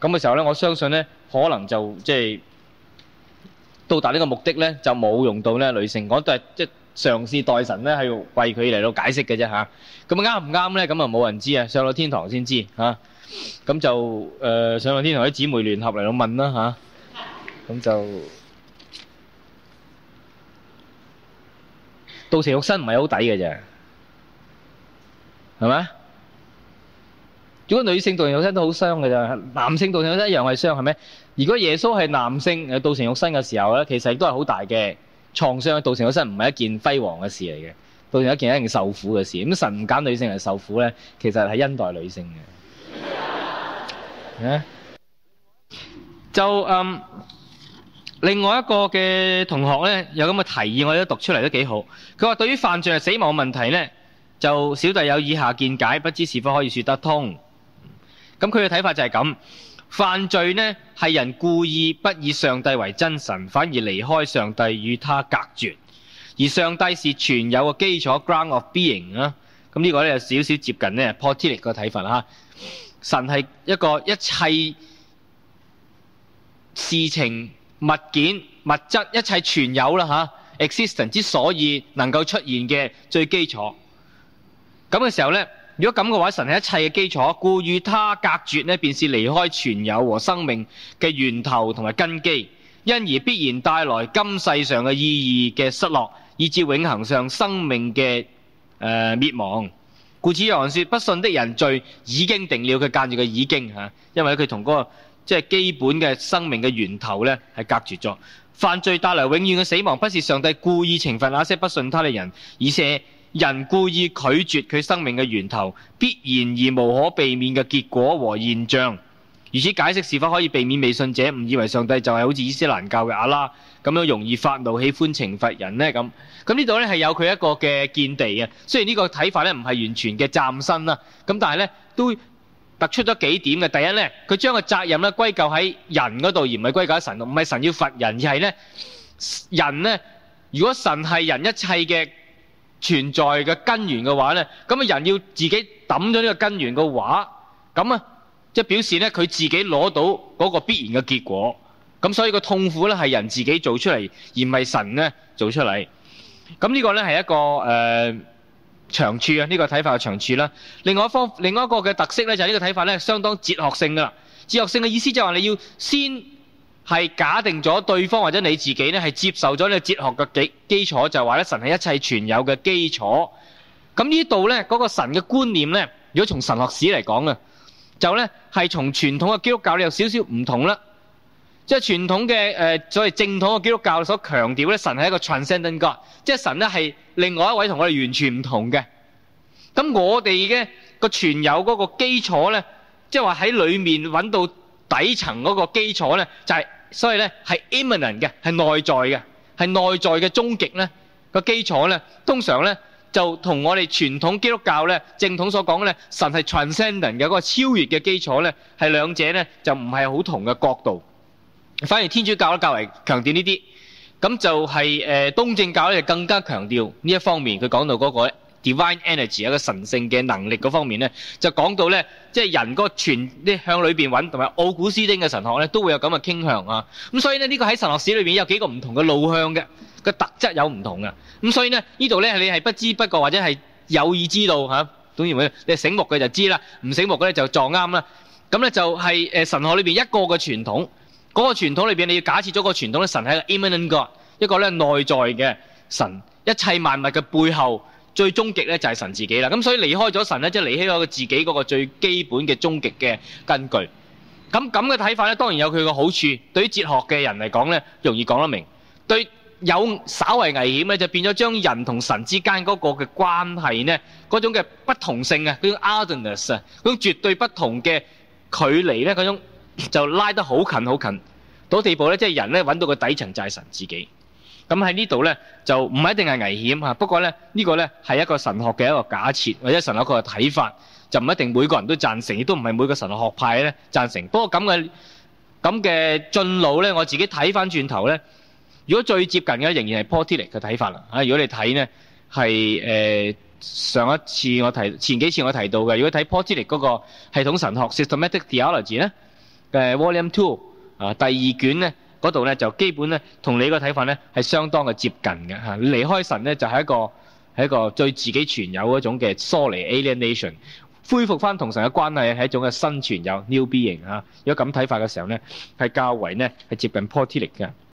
Speaker 1: 咁嘅時候咧，我相信咧可能就即係到達呢個目的咧，就冇用到咧女性，我都係即。嘗試代神咧，係要為佢嚟到解釋嘅啫嚇。咁啊啱唔啱咧？咁啊冇人知啊，上到天堂先知嚇。咁就誒，上到天堂啲姊妹聯合嚟到問啦嚇。咁就道成肉身唔係好抵嘅啫，係咪啊？如果女性道成肉身都好傷嘅咋，男性道成肉身一樣係傷係咩？如果耶穌係男性誒道成肉身嘅時候咧，其實亦都係好大嘅。創傷啊，造成嗰身唔係一件輝煌嘅事嚟嘅，造成一件一件受苦嘅事。咁神唔揀女性嚟受苦咧，其實係恩待女性嘅、 嗯。就嗯，另外一個嘅同學咧，有咁嘅提議，我都讀出嚟都幾好。佢話對於犯罪係死亡嘅問題咧，就小弟有以下見解，不知是否可以說得通。咁佢嘅睇法就係咁。犯罪呢係人故意不以上帝為真神，反而離開上帝與他隔絕，而上帝是存有嘅基礎 （ground of being） 啊。咁、嗯這個、呢個咧有少少接近呢，Porter 嗰個睇法吓、啊，神係一個一切事情、物件、物質一切存有啦。吓、啊、existence 之所以能夠出現嘅最基礎，咁嘅時候呢。如果咁嘅話，神係一切嘅基礎，故與他隔絕呢，便是離開全有和生命嘅源頭同埋根基，因而必然帶來今世上嘅意義嘅失落，以致永恒上生命嘅誒、呃、滅亡。故此有人說，不信的人罪已經定了，佢間住嘅已經㗎因為佢同嗰個即係、就是、基本嘅生命嘅源頭咧係隔絕咗。犯罪帶來永遠嘅死亡，不是上帝故意懲罰那些不信他嘅人，而且。人故意拒絕佢生命嘅源頭，必然而無可避免嘅結果和現象。如此解釋是否可以避免未信者誤以為上帝就係好似伊斯蘭教嘅阿拉咁樣容易發怒、喜歡懲罰人呢？咁咁呢度呢係有佢一個嘅見地嘅。雖然呢個睇法呢唔係完全嘅站身啦，咁但係呢都突出咗幾點嘅。第一呢，佢將個責任呢歸咎喺人嗰度，而唔係歸咎喺神度，唔係神要罰人，而係呢，人呢，如果神係人一切嘅。存在嘅根源嘅話咧，咁啊人要自己抌咗呢個根源嘅話，咁啊即係表示咧佢自己攞到嗰個必然嘅結果，咁所以個痛苦咧係人自己做出嚟，而唔係神咧做出嚟。咁呢個咧係一個誒長處啊，呢個睇法嘅長處啦。另外一方，另外一個嘅特色咧就係呢個睇法咧相當哲學性噶啦，哲學性嘅意思就係話你要先。係假定咗對方或者你自己咧，係接受咗呢個哲學嘅基基礎，就話、係、咧神係一切存有嘅基礎。咁呢度咧嗰個神嘅觀念咧，如果從神學史嚟講啊，就咧係從傳統嘅基督教裏有少少唔同啦。即係傳統嘅誒、呃，所謂正統嘅基督教所強調咧，神係一個 transcendent God，即係神咧係另外一位同我哋完全唔同嘅。咁我哋嘅個存有嗰個基礎咧，即係話喺裏面揾到底層嗰個基礎咧，就係、係。所以咧，係 immanent 嘅，係內在嘅，係內在嘅終極咧個基礎咧，通常咧就同我哋傳統基督教咧正統所講咧，神係 transcendent 嘅嗰個超越嘅基礎咧，係兩者咧就唔係好同嘅角度。反而天主教咧較為強調呢啲，咁就係誒東正教咧就更加強調呢一方面，佢講到嗰個咧。Divine Energy，一個神性嘅能力嗰方面咧，就講到咧，即係人個傳咧向裏邊揾，同埋奧古斯丁嘅神學咧，都會有咁嘅傾向啊。咁所以咧，呢、這個喺神學史裏邊有幾個唔同嘅路向嘅，個特質有唔同啊。咁所以咧，這呢度咧你係不知不覺或者係有意知道嚇，總言之，你醒目嘅就知啦，唔醒目嘅就撞啱啦。咁、啊、咧、嗯、就係、是、誒神學裏邊一個嘅傳統，嗰、那個傳統裏邊你要假設咗個傳統咧，神係個 Immanent God 一個咧內在嘅神，一切萬物嘅背後。最終極咧就係神自己啦，咁所以離開咗神咧，即係離開咗個自己嗰個最基本嘅終極嘅根據。咁咁嘅睇法咧，當然有佢個好處，對於哲學嘅人嚟講咧，容易講得明。對有稍為危險咧，就變咗將人同神之間嗰個嘅關係咧，嗰種嘅不同性啊，嗰種 otherness 啊，嗰種絕對不同嘅距離咧，嗰種就拉得好近好近，到地步咧，即係人咧揾到個底層就係神自己。咁喺呢度咧，就唔係一定係危險嚇。不過咧，呢個咧係一個神學嘅一個假設，或者神學一個睇法，就唔一定每個人都贊成，亦都唔係每個神學派咧贊成。不過咁嘅咁嘅進路咧，我自己睇翻轉頭咧，如果最接近嘅仍然係 Paul Tillich 嘅睇法啦。啊，如果你睇咧係誒上一次我提，前幾次我提到嘅，如果睇 Paul Tillich 嗰個系統神學 Systematic Theology 咧，誒 Volume Two，啊，第二卷咧。嗰度咧就基本咧同你個睇法咧係相當嘅接近嘅吓。離開神咧就係、是、一個係一個最自己存有嗰種嘅疏離 alienation。恢復翻同神嘅關係，係一種嘅新存有 New Being、啊、如果咁睇法嘅時候咧，係較為咧係接近 Paul Tillich 嘅。